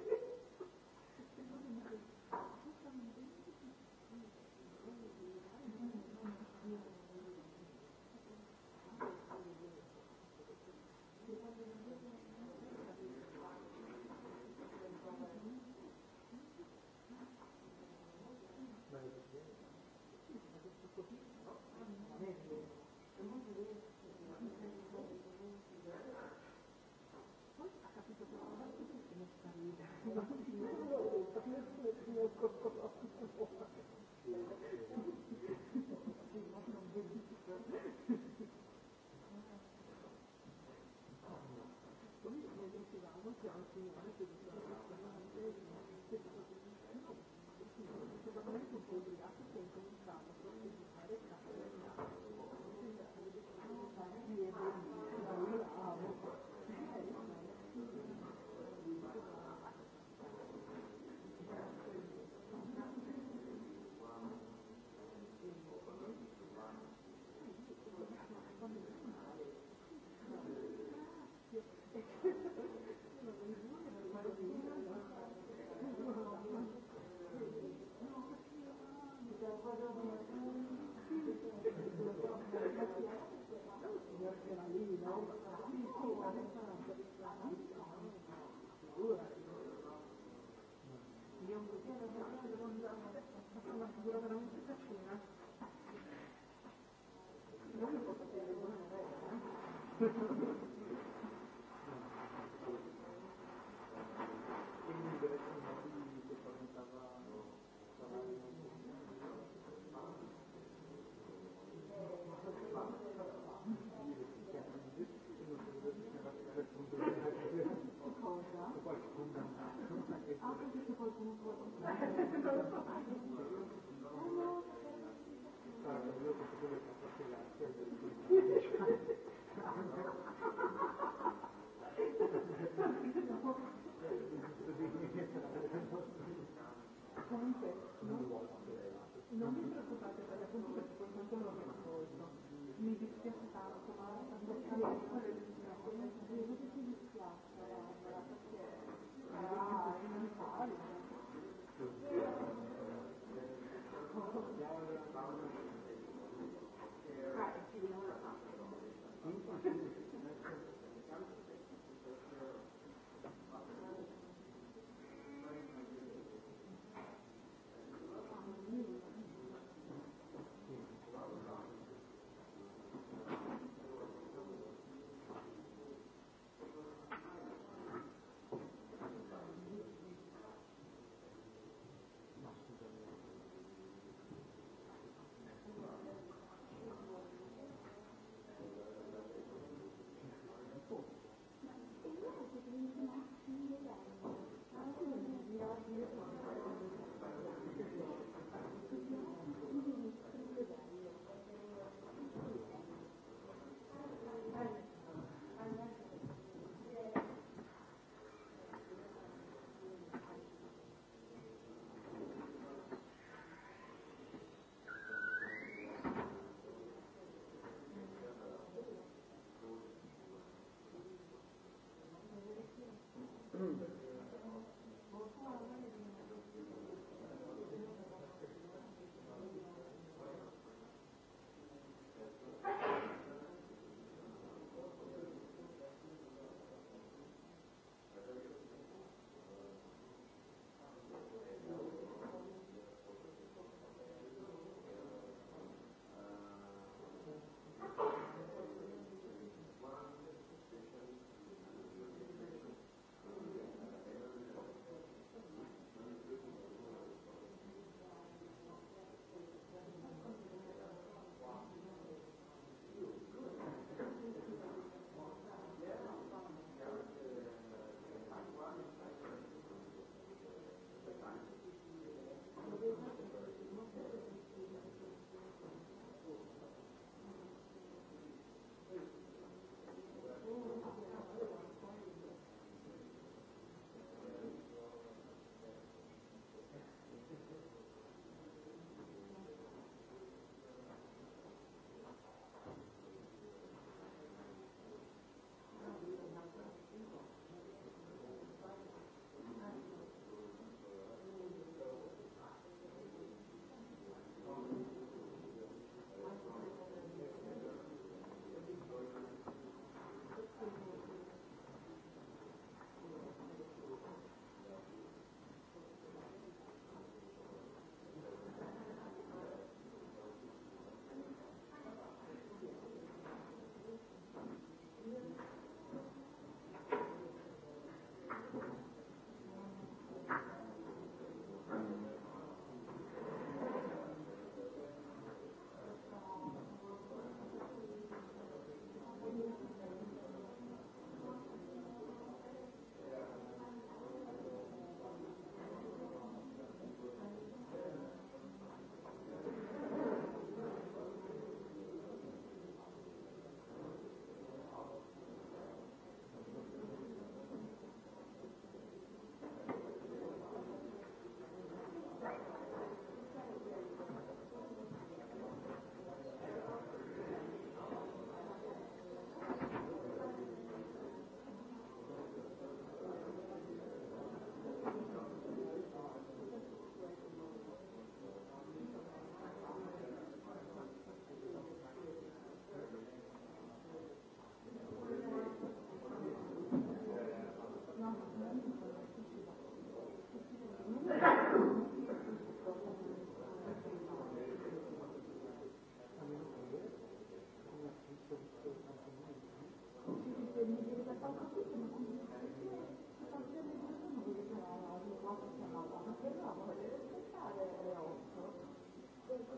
Thank you. Mm. Thank you.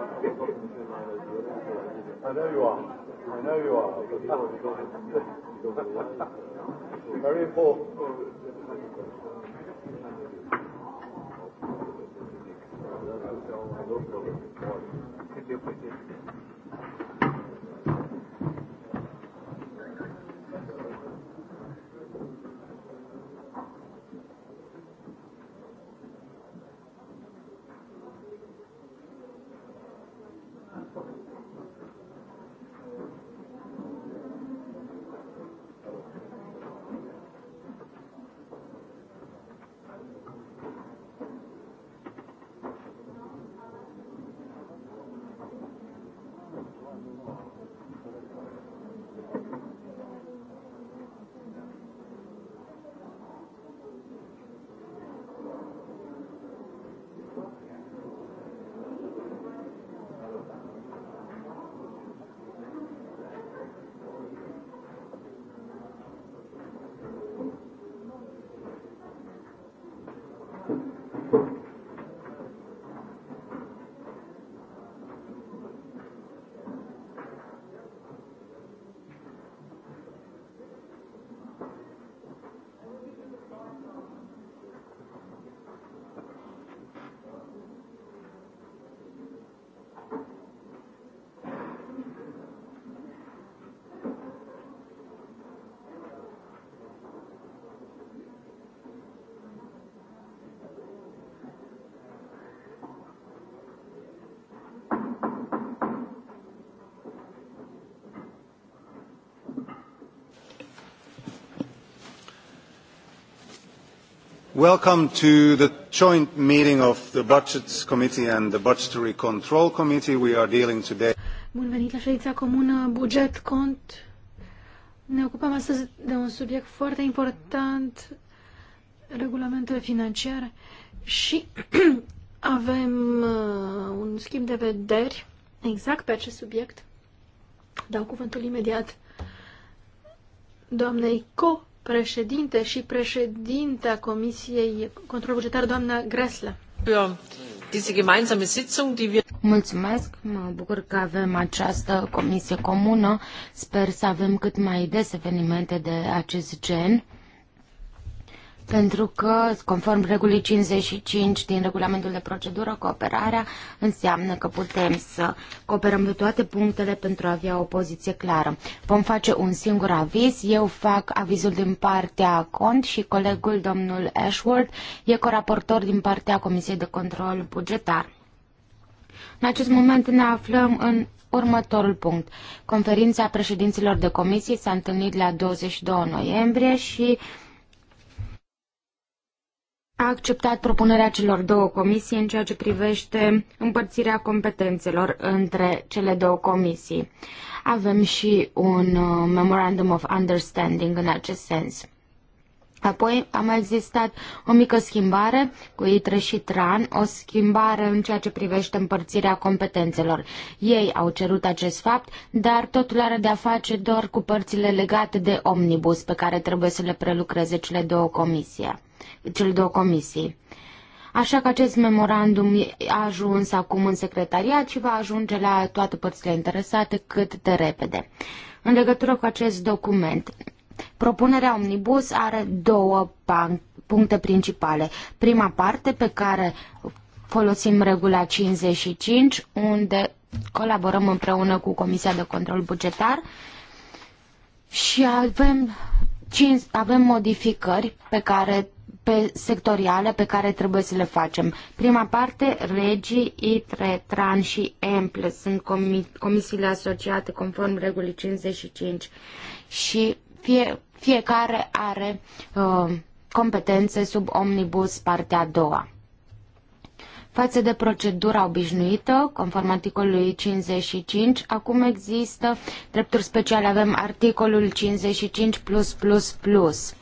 I know you are. I know you are. Very important. Thank you. Welcome to the joint meeting of the Budgets Committee and the Budgetary Control Committee we are dealing today. Bun venit la ședința comună Buget Cont. Ne ocupăm astăzi de un subiect foarte important, regulamentele financiare și avem uh, un schimb de vederi exact pe acest subiect. Dau cuvântul imediat doamnei Co președinte și președinta Comisiei Control Bugetar, doamna Gresle. Mulțumesc, mă bucur că avem această comisie comună. Sper să avem cât mai des evenimente de acest gen pentru că, conform regulii 55 din regulamentul de procedură, cooperarea înseamnă că putem să cooperăm pe toate punctele pentru a avea o poziție clară. Vom face un singur aviz, eu fac avizul din partea cont și colegul domnul Ashworth e coraportor din partea Comisiei de Control Bugetar. În acest moment ne aflăm în următorul punct. Conferința președinților de comisii s-a întâlnit la 22 noiembrie și a acceptat propunerea celor două comisii în ceea ce privește împărțirea competențelor între cele două comisii. Avem și un uh, Memorandum of Understanding în acest sens. Apoi a mai existat o mică schimbare cu ITRE și TRAN, o schimbare în ceea ce privește împărțirea competențelor. Ei au cerut acest fapt, dar totul are de-a face doar cu părțile legate de omnibus pe care trebuie să le prelucreze cele două comisii cele două comisii. Așa că acest memorandum a ajuns acum în secretariat și va ajunge la toate părțile interesate cât de repede. În legătură cu acest document, propunerea Omnibus are două puncte principale. Prima parte pe care folosim regula 55, unde colaborăm împreună cu Comisia de Control Bugetar și avem, avem modificări pe care pe sectoriale pe care trebuie să le facem. Prima parte, regii, ITRE, TRAN și EMPLE sunt comi- comisiile asociate conform regulii 55 și fie, fiecare are uh, competențe sub omnibus partea a doua. Față de procedura obișnuită, conform articolului 55, acum există drepturi speciale, avem articolul 55+++. plus plus plus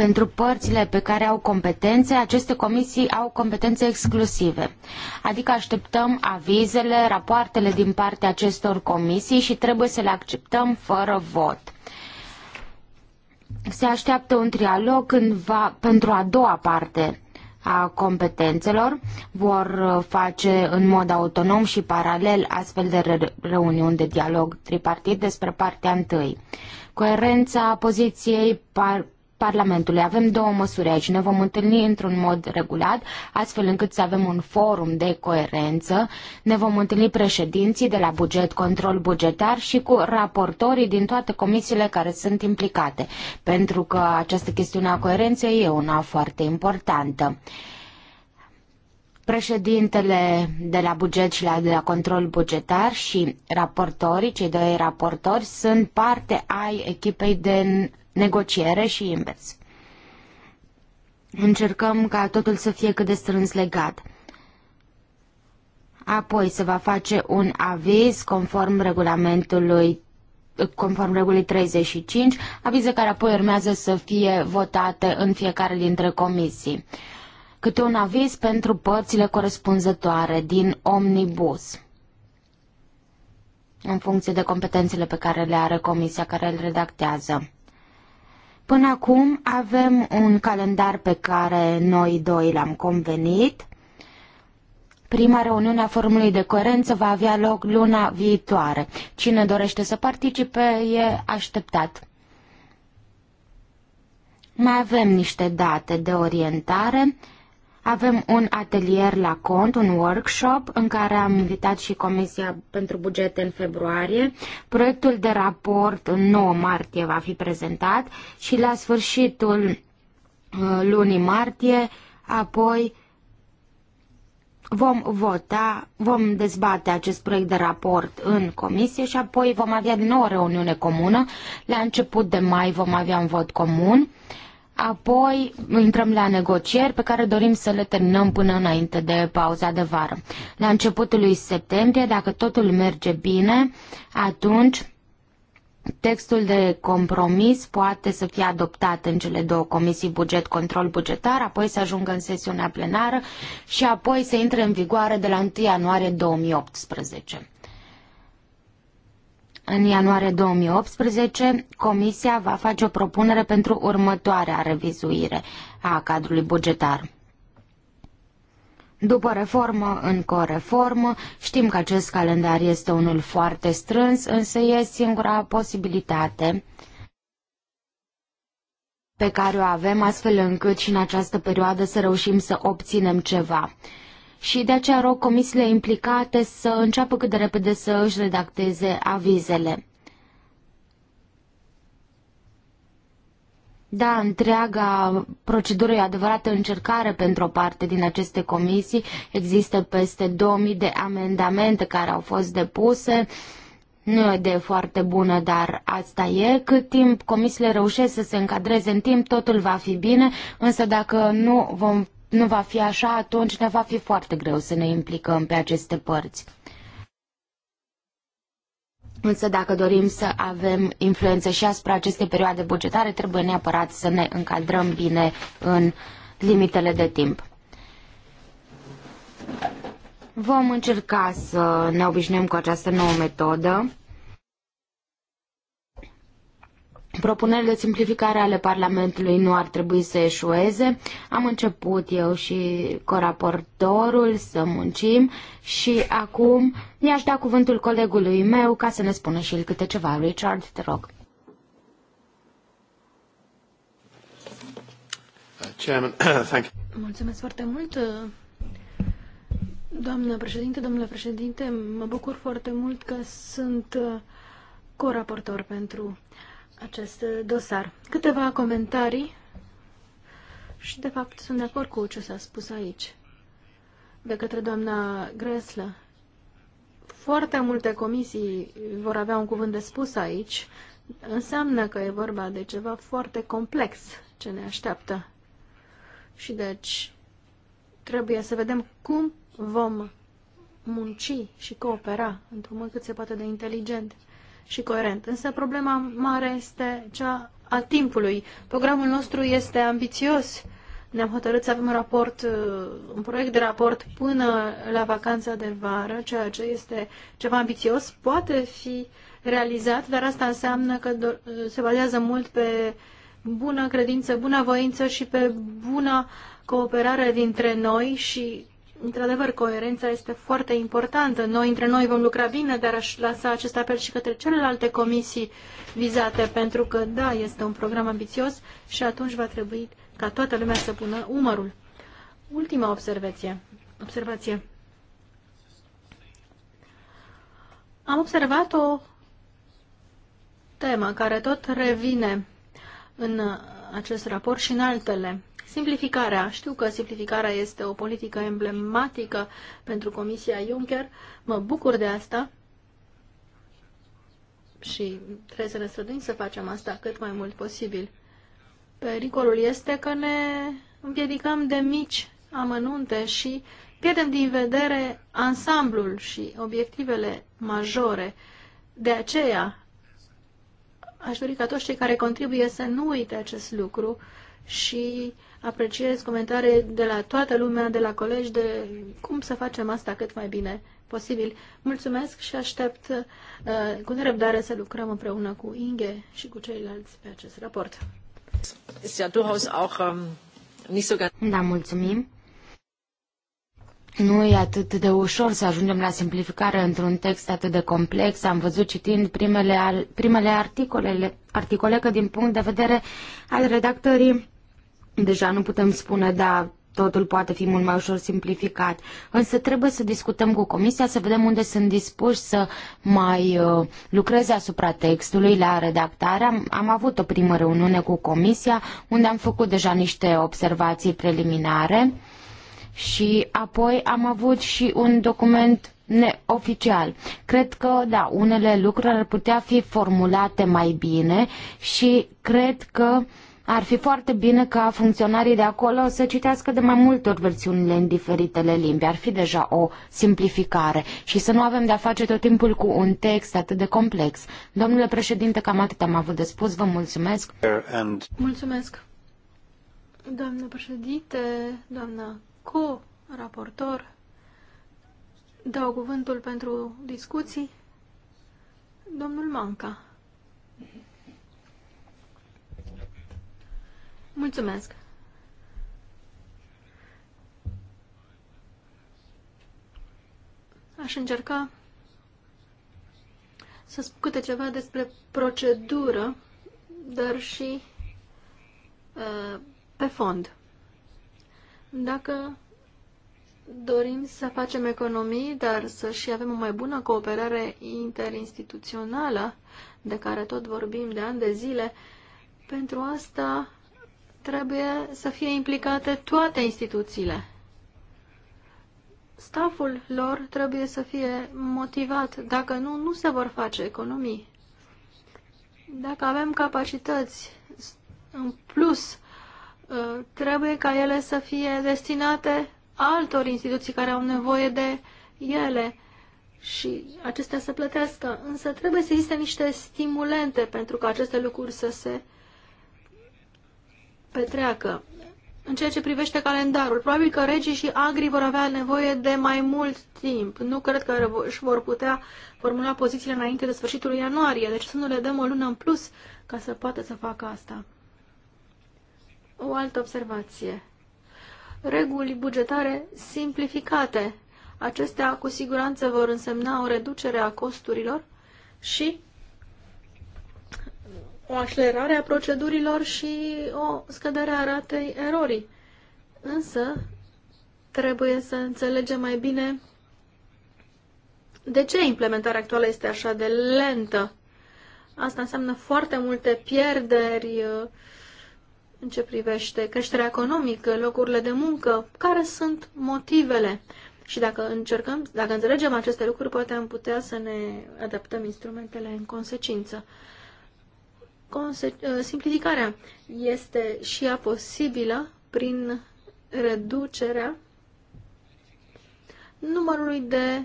Pentru părțile pe care au competențe, aceste comisii au competențe exclusive. Adică așteptăm avizele, rapoartele din partea acestor comisii și trebuie să le acceptăm fără vot. Se așteaptă un trialog cândva pentru a doua parte a competențelor, vor face în mod autonom și paralel astfel de reuniuni de dialog tripartit despre partea întâi. Coerența poziției par- Parlamentului. Avem două măsuri aici. Ne vom întâlni într-un mod regulat, astfel încât să avem un forum de coerență. Ne vom întâlni președinții de la buget, control bugetar și cu raportorii din toate comisiile care sunt implicate, pentru că această chestiune a coerenței e una foarte importantă. Președintele de la buget și la, de la control bugetar și raportorii, cei doi raportori, sunt parte ai echipei de negociere și invers. Încercăm ca totul să fie cât de strâns legat. Apoi se va face un aviz conform regulamentului conform regulii 35, avize care apoi urmează să fie votate în fiecare dintre comisii. Câte un aviz pentru părțile corespunzătoare din omnibus în funcție de competențele pe care le are comisia care îl redactează. Până acum avem un calendar pe care noi doi l-am convenit. Prima reuniune a formului de coerență va avea loc luna viitoare. Cine dorește să participe e așteptat. Mai avem niște date de orientare. Avem un atelier la cont, un workshop în care am invitat și Comisia pentru Bugete în februarie. Proiectul de raport în 9 martie va fi prezentat și la sfârșitul uh, lunii martie, apoi vom vota, vom dezbate acest proiect de raport în comisie și apoi vom avea din nou o reuniune comună. La început de mai vom avea un vot comun. Uh, Apoi intrăm la negocieri pe care dorim să le terminăm până înainte de pauza de vară. La începutul lui septembrie, dacă totul merge bine, atunci Textul de compromis poate să fie adoptat în cele două comisii buget control bugetar, apoi să ajungă în sesiunea plenară și apoi să intre în vigoare de la 1 ianuarie 2018. În ianuarie 2018, Comisia va face o propunere pentru următoarea revizuire a cadrului bugetar. După reformă, încă o reformă, știm că acest calendar este unul foarte strâns, însă e singura posibilitate pe care o avem astfel încât și în această perioadă să reușim să obținem ceva și de aceea rog comisiile implicate să înceapă cât de repede să își redacteze avizele. Da, întreaga procedură e adevărată încercare pentru o parte din aceste comisii. Există peste 2000 de amendamente care au fost depuse. Nu e de foarte bună, dar asta e. Cât timp comisiile reușesc să se încadreze în timp, totul va fi bine, însă dacă nu vom nu va fi așa, atunci ne va fi foarte greu să ne implicăm pe aceste părți. Însă dacă dorim să avem influență și asupra acestei perioade bugetare, trebuie neapărat să ne încadrăm bine în limitele de timp. Vom încerca să ne obișnuim cu această nouă metodă. propunerile de simplificare ale Parlamentului nu ar trebui să eșueze. Am început eu și coraportorul să muncim și acum i-aș da cuvântul colegului meu ca să ne spună și el câte ceva. Richard, te rog. Uh, Chairman, thank you. Mulțumesc foarte mult, doamnă președinte, domnule președinte. Mă bucur foarte mult că sunt uh, coraportor pentru acest dosar. Câteva comentarii și, de fapt, sunt de acord cu ce s-a spus aici de către doamna Greslă. Foarte multe comisii vor avea un cuvânt de spus aici. Înseamnă că e vorba de ceva foarte complex ce ne așteaptă. Și deci trebuie să vedem cum vom munci și coopera într-un mod cât se poate de inteligent și coerent. Însă problema mare este cea a timpului. Programul nostru este ambițios. Ne-am hotărât să avem un raport, uh, un proiect de raport până la vacanța de vară, ceea ce este ceva ambițios. Poate fi realizat, dar asta înseamnă că uh, se bazează mult pe bună credință, bună voință și pe bună cooperare dintre noi și Într-adevăr, coerența este foarte importantă. Noi între noi vom lucra bine, dar aș lăsa acest apel și către celelalte comisii vizate, pentru că, da, este un program ambițios și atunci va trebui ca toată lumea să pună umărul. Ultima observație. observație. Am observat o temă care tot revine în acest raport și în altele. Simplificarea. Știu că simplificarea este o politică emblematică pentru Comisia Juncker. Mă bucur de asta și trebuie să ne străduim să facem asta cât mai mult posibil. Pericolul este că ne împiedicăm de mici amănunte și pierdem din vedere ansamblul și obiectivele majore. De aceea, aș dori ca toți cei care contribuie să nu uite acest lucru și Apreciez comentarii de la toată lumea, de la colegi, de cum să facem asta cât mai bine posibil. Mulțumesc și aștept uh, cu nerăbdare să lucrăm împreună cu Inge și cu ceilalți pe acest raport. Ähm, da, mulțumim. Nu e atât de ușor să ajungem la simplificare într-un text atât de complex. Am văzut citind primele, primele articole, articole că din punct de vedere al redactării Deja nu putem spune, da, totul poate fi mult mai ușor simplificat. Însă trebuie să discutăm cu comisia, să vedem unde sunt dispuși să mai uh, lucreze asupra textului la redactare. Am, am avut o primă reuniune cu comisia, unde am făcut deja niște observații preliminare și apoi am avut și un document neoficial. Cred că, da, unele lucruri ar putea fi formulate mai bine și cred că uh, ar fi foarte bine ca funcționarii de acolo să citească de mai multe ori versiunile în diferitele limbi. Ar fi deja o simplificare și să nu avem de-a face tot timpul cu un text atât de complex. Domnule președinte, cam atât am avut de spus. Vă mulțumesc. Mulțumesc. Doamnă președinte, doamna co-raportor, dau cuvântul pentru discuții. Domnul Manca. Mulțumesc! Aș încerca să spun câte ceva despre procedură, dar și uh, pe fond. Dacă dorim să facem economii, dar să și avem o mai bună cooperare interinstituțională, de care tot vorbim de ani de zile, pentru asta trebuie să fie implicate toate instituțiile. Staful lor trebuie să fie motivat. Dacă nu, nu se vor face economii. Dacă avem capacități în plus, uh, trebuie ca ele să fie destinate altor instituții care au nevoie de ele și acestea să plătească. Însă trebuie să existe niște stimulente pentru ca aceste lucruri să se petreacă. În ceea ce privește calendarul, probabil că regii și agri vor avea nevoie de mai mult timp. Nu cred că își vor putea formula pozițiile înainte de sfârșitul ianuarie, deci să nu le dăm o lună în plus ca să poată să facă asta. O altă observație. Reguli bugetare simplificate. Acestea cu siguranță vor însemna o reducere a costurilor și o accelerare a procedurilor și o scădere a ratei erorii. Însă, trebuie să înțelegem mai bine de ce implementarea actuală este așa de lentă. Asta înseamnă foarte multe pierderi uh, în ce privește creșterea economică, locurile de muncă, care sunt motivele. Și dacă încercăm, dacă înțelegem aceste lucruri, poate am putea să ne adaptăm instrumentele în consecință. Uh, simplificarea este și ea posibilă prin reducerea numărului de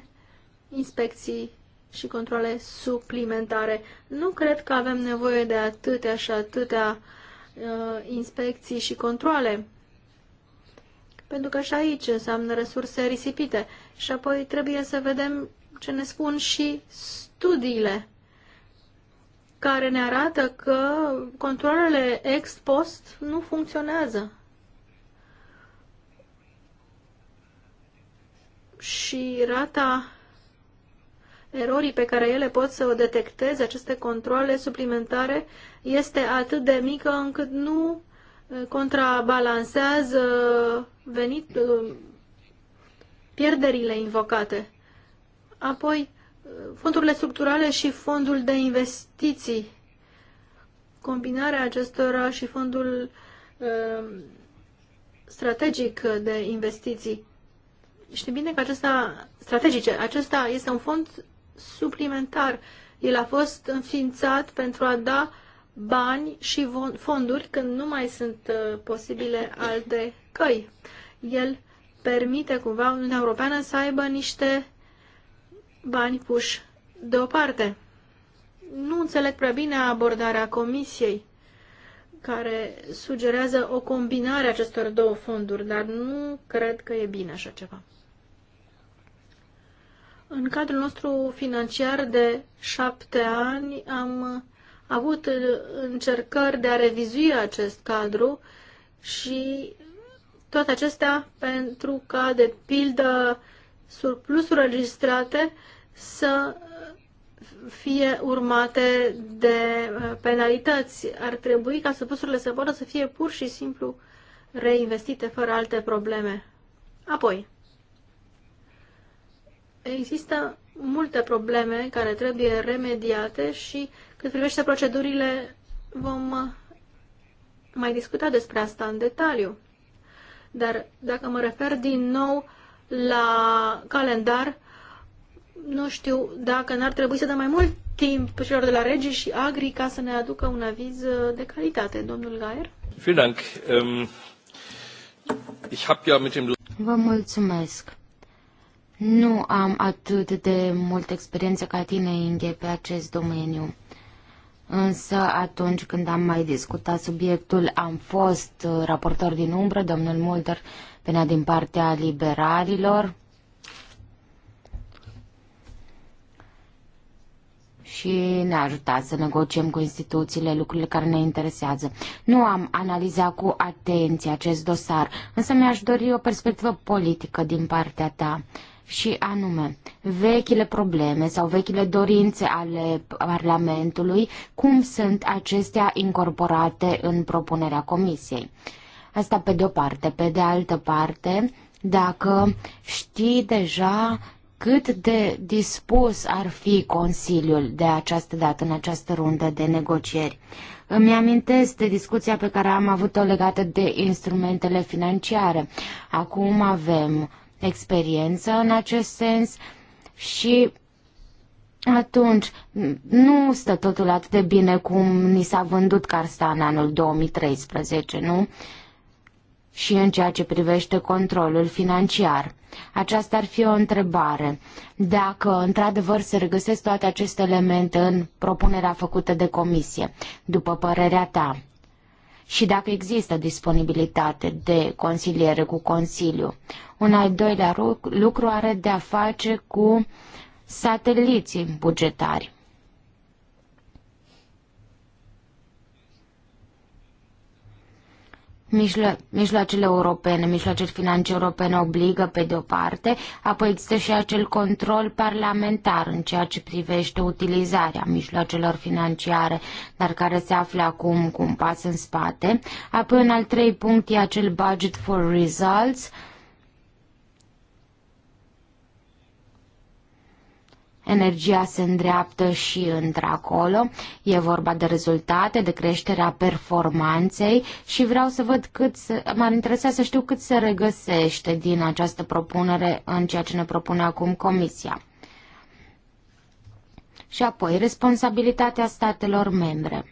inspecții și controle suplimentare. Nu cred că avem nevoie de atâtea și atâtea uh, inspecții și controle, pentru că și aici înseamnă resurse risipite. Și apoi trebuie să vedem ce ne spun și studiile care ne arată că controlele ex post nu funcționează. Și rata erorii pe care ele pot să o detecteze, aceste controle suplimentare, este atât de mică încât nu eh, contrabalansează venit, eh, pierderile invocate. Apoi, fondurile structurale și fondul de investiții. Combinarea acestora și fondul uh, strategic de investiții. Știi bine că acesta, strategice, acesta este un fond suplimentar. El a fost înființat pentru a da bani și fonduri când nu mai sunt uh, posibile alte căi. El permite cumva Uniunea Europeană să aibă niște bani puși deoparte. Nu înțeleg prea bine abordarea comisiei care sugerează o combinare a acestor două fonduri, dar nu cred că e bine așa ceva. În cadrul nostru financiar de șapte ani am avut încercări de a revizui acest cadru și toate acestea pentru ca, de pildă, surplusuri registrate să fie urmate de uh, penalități. Ar trebui ca supusurile să poată să fie pur și simplu reinvestite fără alte probleme. Apoi, există multe probleme care trebuie remediate și cât privește procedurile vom uh, mai discuta despre asta în detaliu. Dar dacă mă refer din nou la calendar, nu știu dacă n-ar trebui să dăm mai mult timp celor de la Regi și Agri ca să ne aducă un aviz uh, de calitate. Domnul Gaier? Ähm, Vă mulțumesc. Nu am atât de multă experiență ca tine, Inge, pe acest domeniu. Însă atunci când am mai discutat subiectul, am fost uh, raportor din umbră, domnul Mulder venea din partea liberalilor, și ne-a ajutat să negociem cu instituțiile lucrurile care ne interesează. Nu am analizat cu atenție acest dosar, însă mi-aș dori o perspectivă politică din partea ta și anume vechile probleme sau vechile dorințe ale Parlamentului, cum sunt acestea incorporate în propunerea Comisiei. Asta pe de o parte. Pe de altă parte, dacă știi deja cât de dispus ar fi Consiliul de această dată, în această rundă de negocieri? Îmi amintesc de discuția pe care am avut-o legată de instrumentele financiare. Acum avem experiență în acest sens și atunci nu stă totul atât de bine cum ni s-a vândut Carsta în anul 2013, nu? și în ceea ce privește controlul financiar. Aceasta ar fi o întrebare. Dacă într-adevăr se regăsesc toate aceste elemente în propunerea făcută de comisie, după părerea ta, și dacă există disponibilitate de consiliere cu Consiliu. Un al doilea lucru are de a face cu sateliții bugetari. Mijlo- mijloacele europene, mijloacele financiare europene obligă pe de o parte, apoi există și acel control parlamentar în ceea ce privește utilizarea mijloacelor financiare, dar care se află acum cu un pas în spate. Apoi un al trei punct e acel budget for results, uh, energia se îndreaptă și într-acolo. E vorba de rezultate, de creșterea performanței și vreau să văd cât, m-ar interesa să știu cât se regăsește din această propunere în ceea ce ne propune acum Comisia. Și apoi, responsabilitatea statelor membre.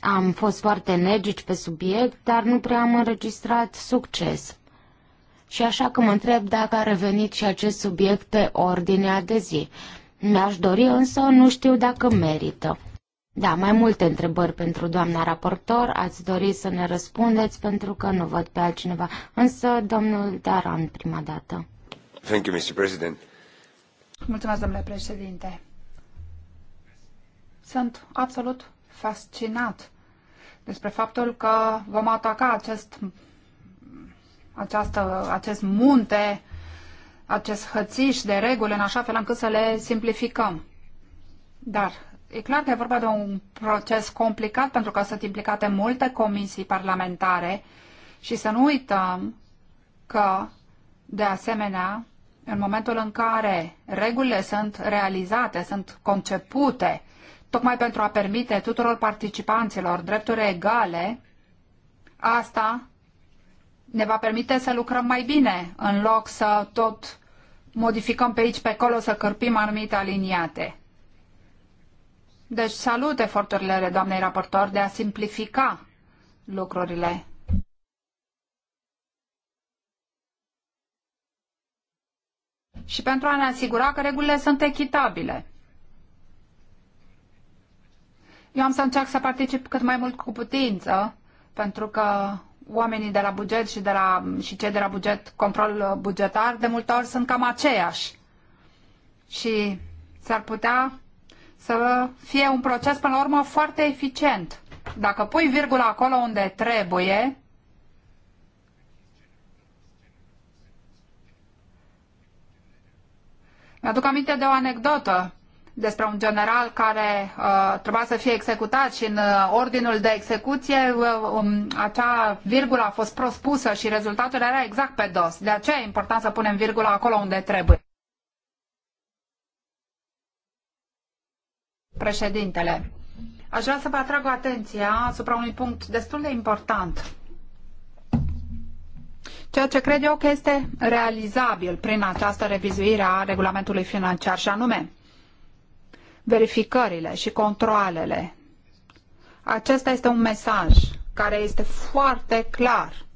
Am fost foarte energici pe subiect, dar nu prea am înregistrat succes. Și așa că mă întreb dacă a revenit și acest subiect pe ordinea de zi. Mi-aș dori însă, nu știu dacă merită. Da, mai multe întrebări pentru doamna raportor, ați dori să ne răspundeți pentru că nu văd pe altcineva, însă domnul Daran prima dată. Thank you, Mr. President. Mulțumesc, domnule președinte. Sunt absolut fascinat despre faptul că vom ataca acest această, acest munte, acest hățiș de reguli în așa fel încât să le simplificăm. Dar e clar că e vorba de un proces complicat pentru că sunt implicate multe comisii parlamentare și să nu uităm că, de asemenea, în momentul în care regulile sunt realizate, sunt concepute, tocmai pentru a permite tuturor participanților drepturi egale, asta ne va permite să lucrăm mai bine, în loc să tot modificăm pe aici, pe acolo, să cărpim anumite aliniate. Deci salut eforturile doamnei raportor de a simplifica lucrurile. Și pentru a ne asigura că regulile sunt echitabile. Eu am să încerc să particip cât mai mult cu putință, pentru că oamenii de la buget și, de la, și cei de la buget, control bugetar, de multe ori sunt cam aceiași. Și s-ar putea să fie un proces, până la urmă, foarte eficient. Dacă pui virgula acolo unde trebuie, mi-aduc aminte de o anecdotă despre un general care uh, trebuia să fie executat și în uh, ordinul de execuție uh, um, acea virgulă a fost prospusă și rezultatul era exact pe dos. De aceea e important să punem virgula acolo unde trebuie. Președintele, aș vrea să vă atrag atenția asupra unui punct destul de important. Ceea ce cred eu că este realizabil prin această revizuire a regulamentului financiar și anume, verificările și controalele. Acesta este un mesaj care este foarte clar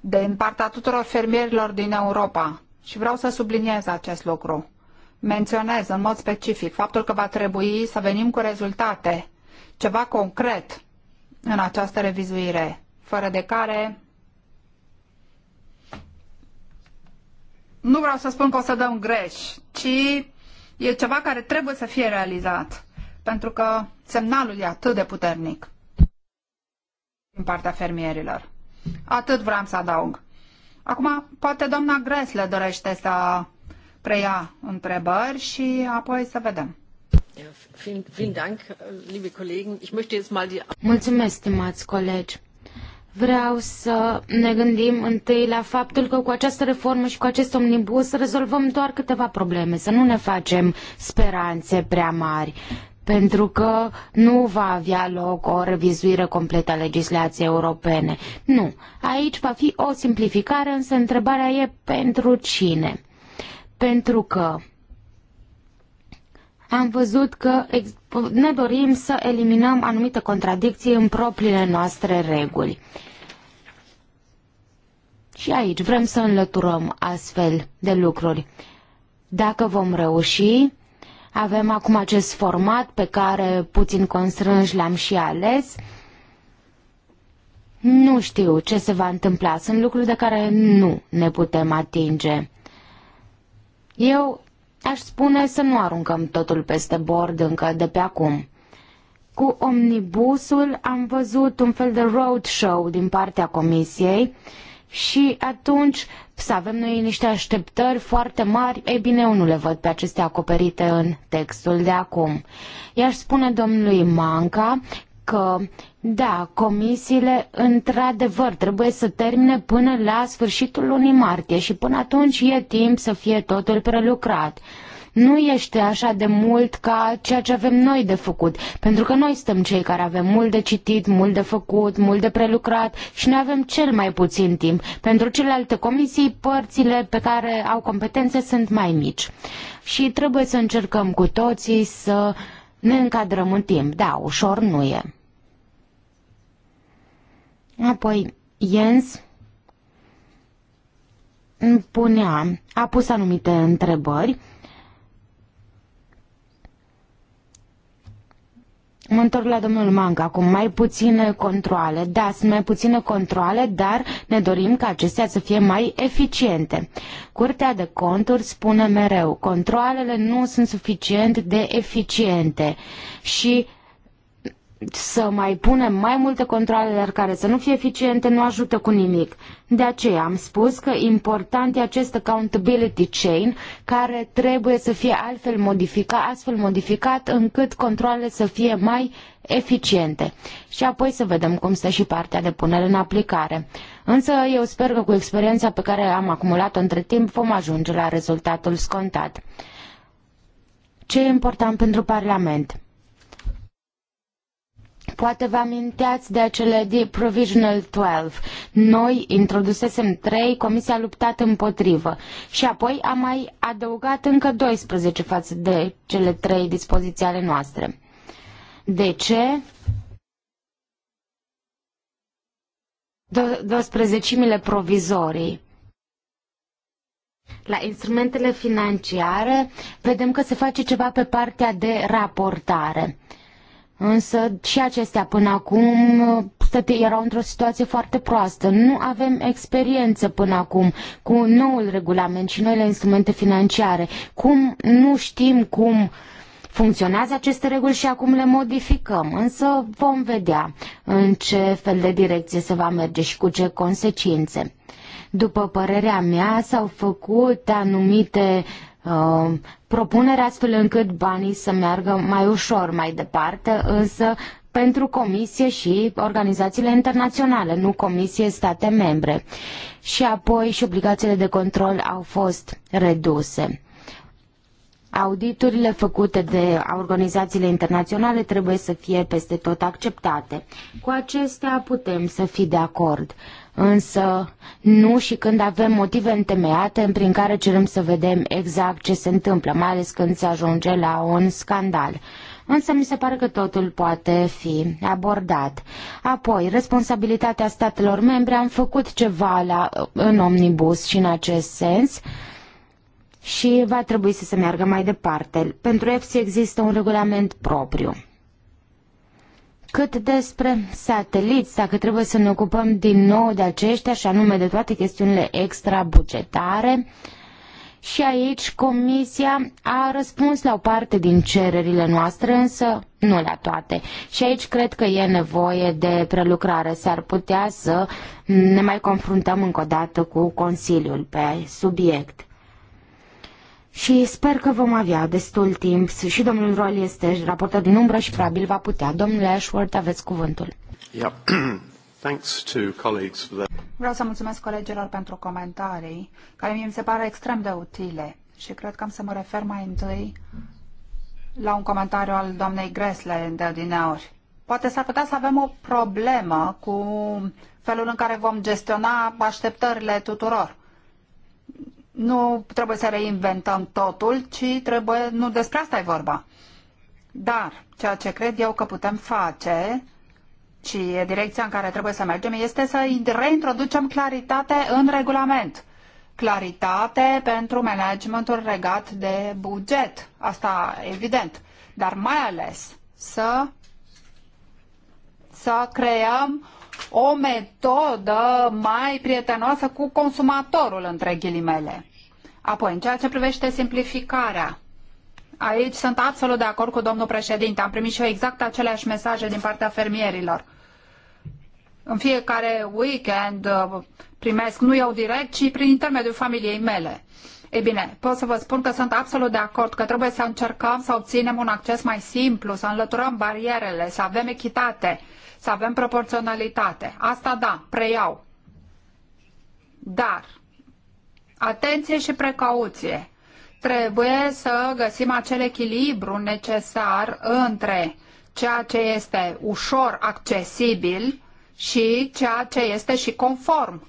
din partea tuturor fermierilor din Europa și vreau să subliniez acest lucru. Menționez în mod specific faptul că va trebui să venim cu rezultate, ceva concret în această revizuire, fără de care nu vreau să spun că o să dăm greș, ci e ceva care trebuie să fie realizat, pentru că semnalul e atât de puternic din partea fermierilor. Atât vreau să adaug. Acum, poate doamna Gresle dorește să preia întrebări și apoi să vedem. Mulțumesc, stimați colegi. Vreau să ne gândim întâi la faptul că cu această reformă și cu acest omnibus rezolvăm doar câteva probleme, să nu ne facem speranțe prea mari, pentru că nu va avea loc o revizuire completă a legislației europene. Nu, aici va fi o simplificare, însă întrebarea e pentru cine. Pentru că am văzut că ne dorim să eliminăm anumite contradicții în propriile noastre reguli. Și aici vrem să înlăturăm astfel de lucruri. Dacă vom reuși, avem acum acest format pe care puțin constrâns l-am și ales. Nu știu ce se va întâmpla. Sunt lucruri de care nu ne putem atinge. Eu Aș spune să nu aruncăm totul peste bord încă de pe acum. Cu omnibusul am văzut un fel de roadshow din partea comisiei și atunci să avem noi niște așteptări foarte mari, E bine, eu nu le văd pe acestea acoperite în textul de acum. I-aș spune domnului Manca că, da, comisiile într-adevăr trebuie să termine până la sfârșitul lunii martie și până atunci e timp să fie totul prelucrat nu este așa de mult ca ceea ce avem noi de făcut, pentru că noi suntem cei care avem mult de citit, mult de făcut, mult de prelucrat și noi avem cel mai puțin timp. Pentru celelalte comisii, părțile pe care au competențe sunt mai mici. Și trebuie să încercăm cu toții să ne încadrăm în timp. Da, ușor nu e. Apoi, Jens îmi punea, a pus anumite întrebări Mă întorc la domnul Manca acum. Mai puține controle. Da, sunt mai puține controle, dar ne dorim ca acestea să fie mai eficiente. Curtea de conturi spune mereu, controlele nu sunt suficient de eficiente și să mai punem mai multe controle, dar care să nu fie eficiente, nu ajută cu nimic. De aceea am spus că important e acest accountability chain care trebuie să fie altfel modificat, astfel modificat încât controlele să fie mai eficiente. Și apoi să vedem cum stă și partea de punere în aplicare. Însă eu sper că cu experiența pe care am acumulat-o între timp vom ajunge la rezultatul scontat. Ce e important pentru Parlament? Poate vă aminteați de acele de Provisional 12. Noi introdusesem 3, Comisia a luptat împotrivă. Și apoi am mai adăugat încă 12 față de cele 3 dispoziții ale noastre. De ce? 12 provizorii. La instrumentele financiare vedem că se face ceva pe partea de raportare. Însă și acestea până acum erau într-o situație foarte proastă. Nu avem experiență până acum cu noul regulament și noile instrumente financiare. Cum nu știm cum funcționează aceste reguli și acum le modificăm, însă vom vedea în ce fel de direcție se va merge și cu ce consecințe. După părerea mea, s-au făcut anumite uh, uh, propunere astfel încât banii să meargă mai ușor mai departe, însă pentru comisie și organizațiile internaționale, nu comisie state membre. Și apoi și obligațiile de control au fost reduse. Auditurile făcute de organizațiile internaționale trebuie să fie peste tot acceptate. Cu acestea putem să fi de acord. Uh, însă nu și când avem motive întemeiate prin care cerem să vedem exact ce se întâmplă, mai ales când se ajunge la un scandal. Însă mi se pare că totul poate fi abordat. Apoi, responsabilitatea statelor membre, am făcut ceva la, în omnibus și în acest sens și va trebui să se meargă mai departe. Pentru EFSI există un regulament propriu. Cât despre sateliți, dacă trebuie să ne ocupăm din nou de aceștia și anume de toate chestiunile extrabugetare, și aici Comisia a răspuns la o parte din cererile noastre, însă nu la toate. Și aici cred că e nevoie de prelucrare. S-ar putea să ne mai confruntăm încă o dată cu Consiliul pe subiect și sper că vom avea destul timp. Și domnul Roll este raportat din umbră și probabil va putea. Domnule Ashworth, aveți cuvântul. Vreau să mulțumesc colegilor pentru comentarii, care mi se pare extrem de utile și cred că am să mă refer mai întâi la un comentariu al doamnei Gresle de adineori. Poate s-ar putea să avem o problemă cu felul în care vom gestiona așteptările tuturor nu trebuie să reinventăm totul, ci trebuie, nu despre asta e vorba. Dar ceea ce cred eu că putem face și direcția în care trebuie să mergem este să reintroducem claritate în regulament. Claritate pentru managementul regat de buget. Asta evident. Dar mai ales să, să creăm o metodă mai prietenoasă cu consumatorul, între ghilimele. Apoi, în ceea ce privește simplificarea, aici sunt absolut de acord cu domnul președinte. Am primit și eu exact aceleași mesaje din partea fermierilor. În fiecare weekend uh, primesc, nu eu direct, ci prin intermediul familiei mele. E bine, pot să vă spun că sunt absolut de acord că trebuie să încercăm să obținem un acces mai simplu, să înlăturăm barierele, să avem echitate, să avem proporționalitate. Asta da, preiau. Dar, atenție și precauție. Trebuie să găsim acel echilibru necesar între ceea ce este ușor accesibil și ceea ce este și conform.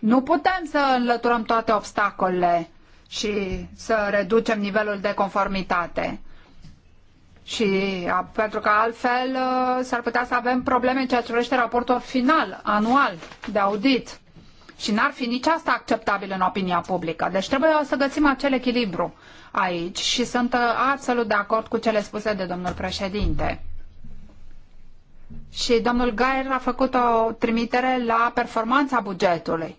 Nu putem să înlăturăm toate obstacolele și să reducem nivelul de conformitate. Și pentru că altfel uh, s-ar putea să avem probleme în ceea ce privește raportul final, anual, de audit. Și n-ar fi nici asta acceptabil în opinia publică. Deci trebuie să găsim acel echilibru aici și sunt uh, absolut de acord cu cele spuse de domnul președinte. Și domnul Gaier a făcut o trimitere la performanța bugetului.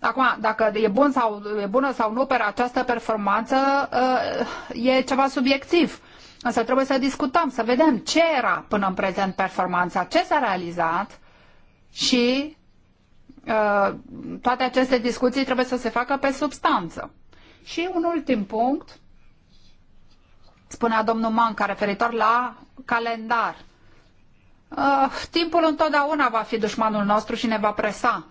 Acum, dacă e, bun sau, e bună sau nu per această performanță, uh, e ceva subiectiv. Însă trebuie să discutăm, să vedem ce era până în prezent performanța, ce s-a realizat și uh, toate aceste discuții trebuie să se facă pe substanță. Și un ultim punct, spunea domnul Manca, referitor la calendar. Uh, timpul întotdeauna va fi dușmanul nostru și ne va presa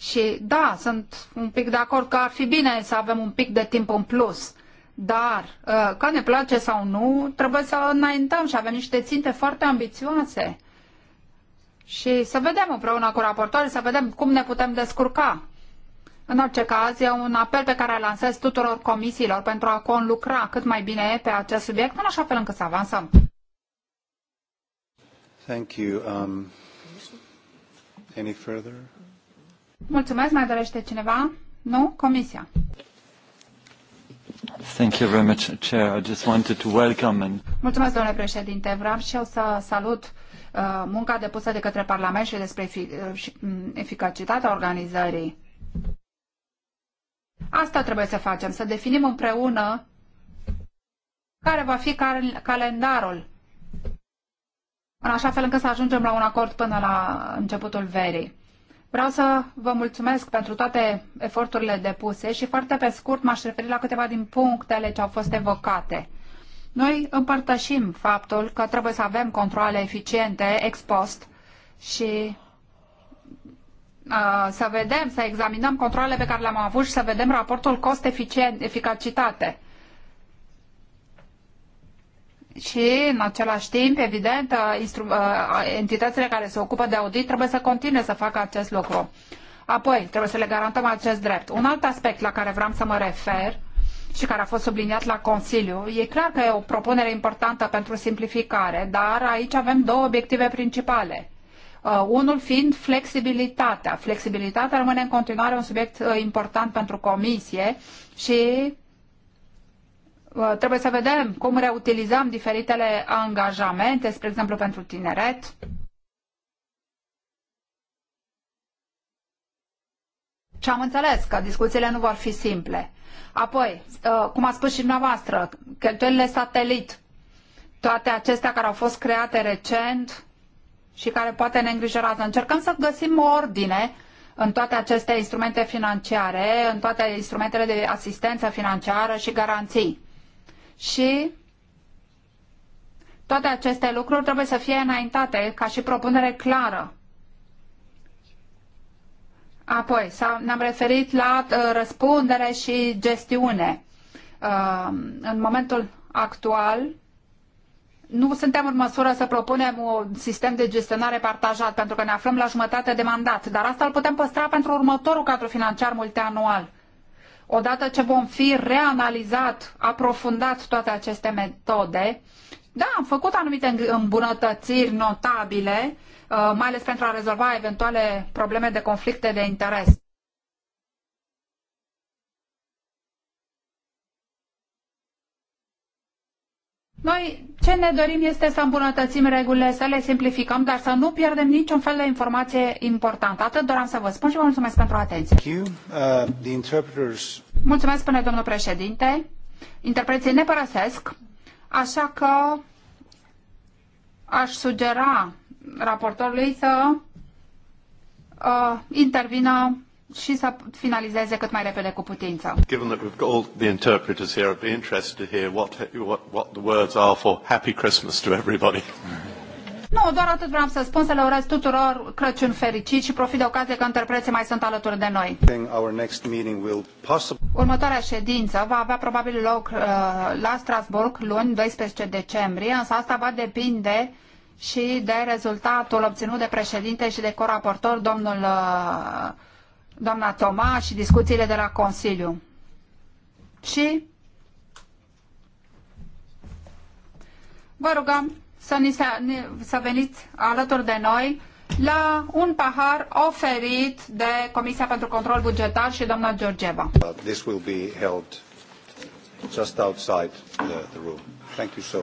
și da, sunt un pic de acord că ar fi bine să avem un pic de timp în plus. Dar, uh, că ne place sau nu, trebuie să înaintăm și avem niște ținte foarte ambițioase. Și să vedem împreună cu raportorii, să vedem cum ne putem descurca. În orice caz, e un apel pe care îl lansez tuturor comisiilor pentru a conlucra cât mai bine pe acest subiect, în așa fel încât să avansăm. Thank you. Um, any further? Mulțumesc. Mai dorește cineva? Nu? Comisia. Thank you very much, Chair. I just wanted to welcome and... Mulțumesc, domnule președinte. Vreau și eu să salut uh, munca depusă de către Parlament și despre efic- uh, mm, eficacitatea organizării. Asta trebuie să facem, să definim împreună care va fi cal calendarul în așa fel încât să ajungem la un acord până la începutul verii. Vreau să vă mulțumesc pentru toate eforturile depuse și foarte pe scurt m-aș referi la câteva din punctele ce au fost evocate. Noi împărtășim faptul că trebuie să avem controle eficiente, ex post, și uh, să vedem, să examinăm controlele pe care le-am avut și să vedem raportul cost-eficacitate. -eficient, și, în același timp, evident, uh, uh, entitățile care se ocupă de audit trebuie să continue să facă acest lucru. Apoi, trebuie să le garantăm acest drept. Un alt aspect la care vreau să mă refer și care a fost subliniat la Consiliu, e clar că e o propunere importantă pentru simplificare, dar aici avem două obiective principale. Uh, unul fiind flexibilitatea. Flexibilitatea rămâne în continuare un subiect uh, important pentru comisie și Uh, trebuie să vedem cum reutilizăm diferitele angajamente, spre exemplu pentru tineret. Și am înțeles că discuțiile nu vor fi simple. Apoi, uh, cum a spus și dumneavoastră, cheltuielile satelit, toate acestea care au fost create recent și care poate ne îngrijorează. Încercăm să găsim o ordine în toate aceste instrumente financiare, în toate instrumentele de asistență financiară și garanții și toate aceste lucruri trebuie să fie înaintate ca și propunere clară. Apoi, ne-am referit la uh, răspundere și gestiune. Uh, în momentul actual, nu suntem în măsură să propunem un sistem de gestionare partajat, pentru că ne aflăm la jumătate de mandat, dar asta îl putem păstra pentru următorul cadru financiar multianual odată ce vom fi reanalizat, aprofundat toate aceste metode, da, am făcut anumite îmbunătățiri notabile, uh, mai ales pentru a rezolva eventuale probleme de conflicte de interes. Noi ce ne dorim este să îmbunătățim regulile, să le simplificăm, dar să nu pierdem niciun fel de informație importantă. Atât doream să vă spun și vă mulțumesc pentru atenție. Uh, mulțumesc, spune domnul președinte. Interpreții ne părăsesc, așa că aș sugera raportorului să uh, intervină și să finalizeze cât mai repede cu putință. Given that we've got all the interpreters here, I'd be interested to hear what, what, what the words are for happy Christmas to everybody. Nu, doar atât vreau să spun, să le urez tuturor Crăciun fericit și profit de ocazie că interpreții mai sunt alături de noi. Următoarea ședință va avea probabil loc uh, la Strasbourg luni 12 decembrie, însă asta va depinde și de rezultatul obținut de președinte și de coraportor, domnul uh, doamna Toma și discuțiile de la Consiliu. Și vă rugăm să, ni se, să veniți alături de noi la un pahar oferit de Comisia pentru Control Bugetar și doamna Georgeva. Uh, this will be held just outside the, the room. Thank you so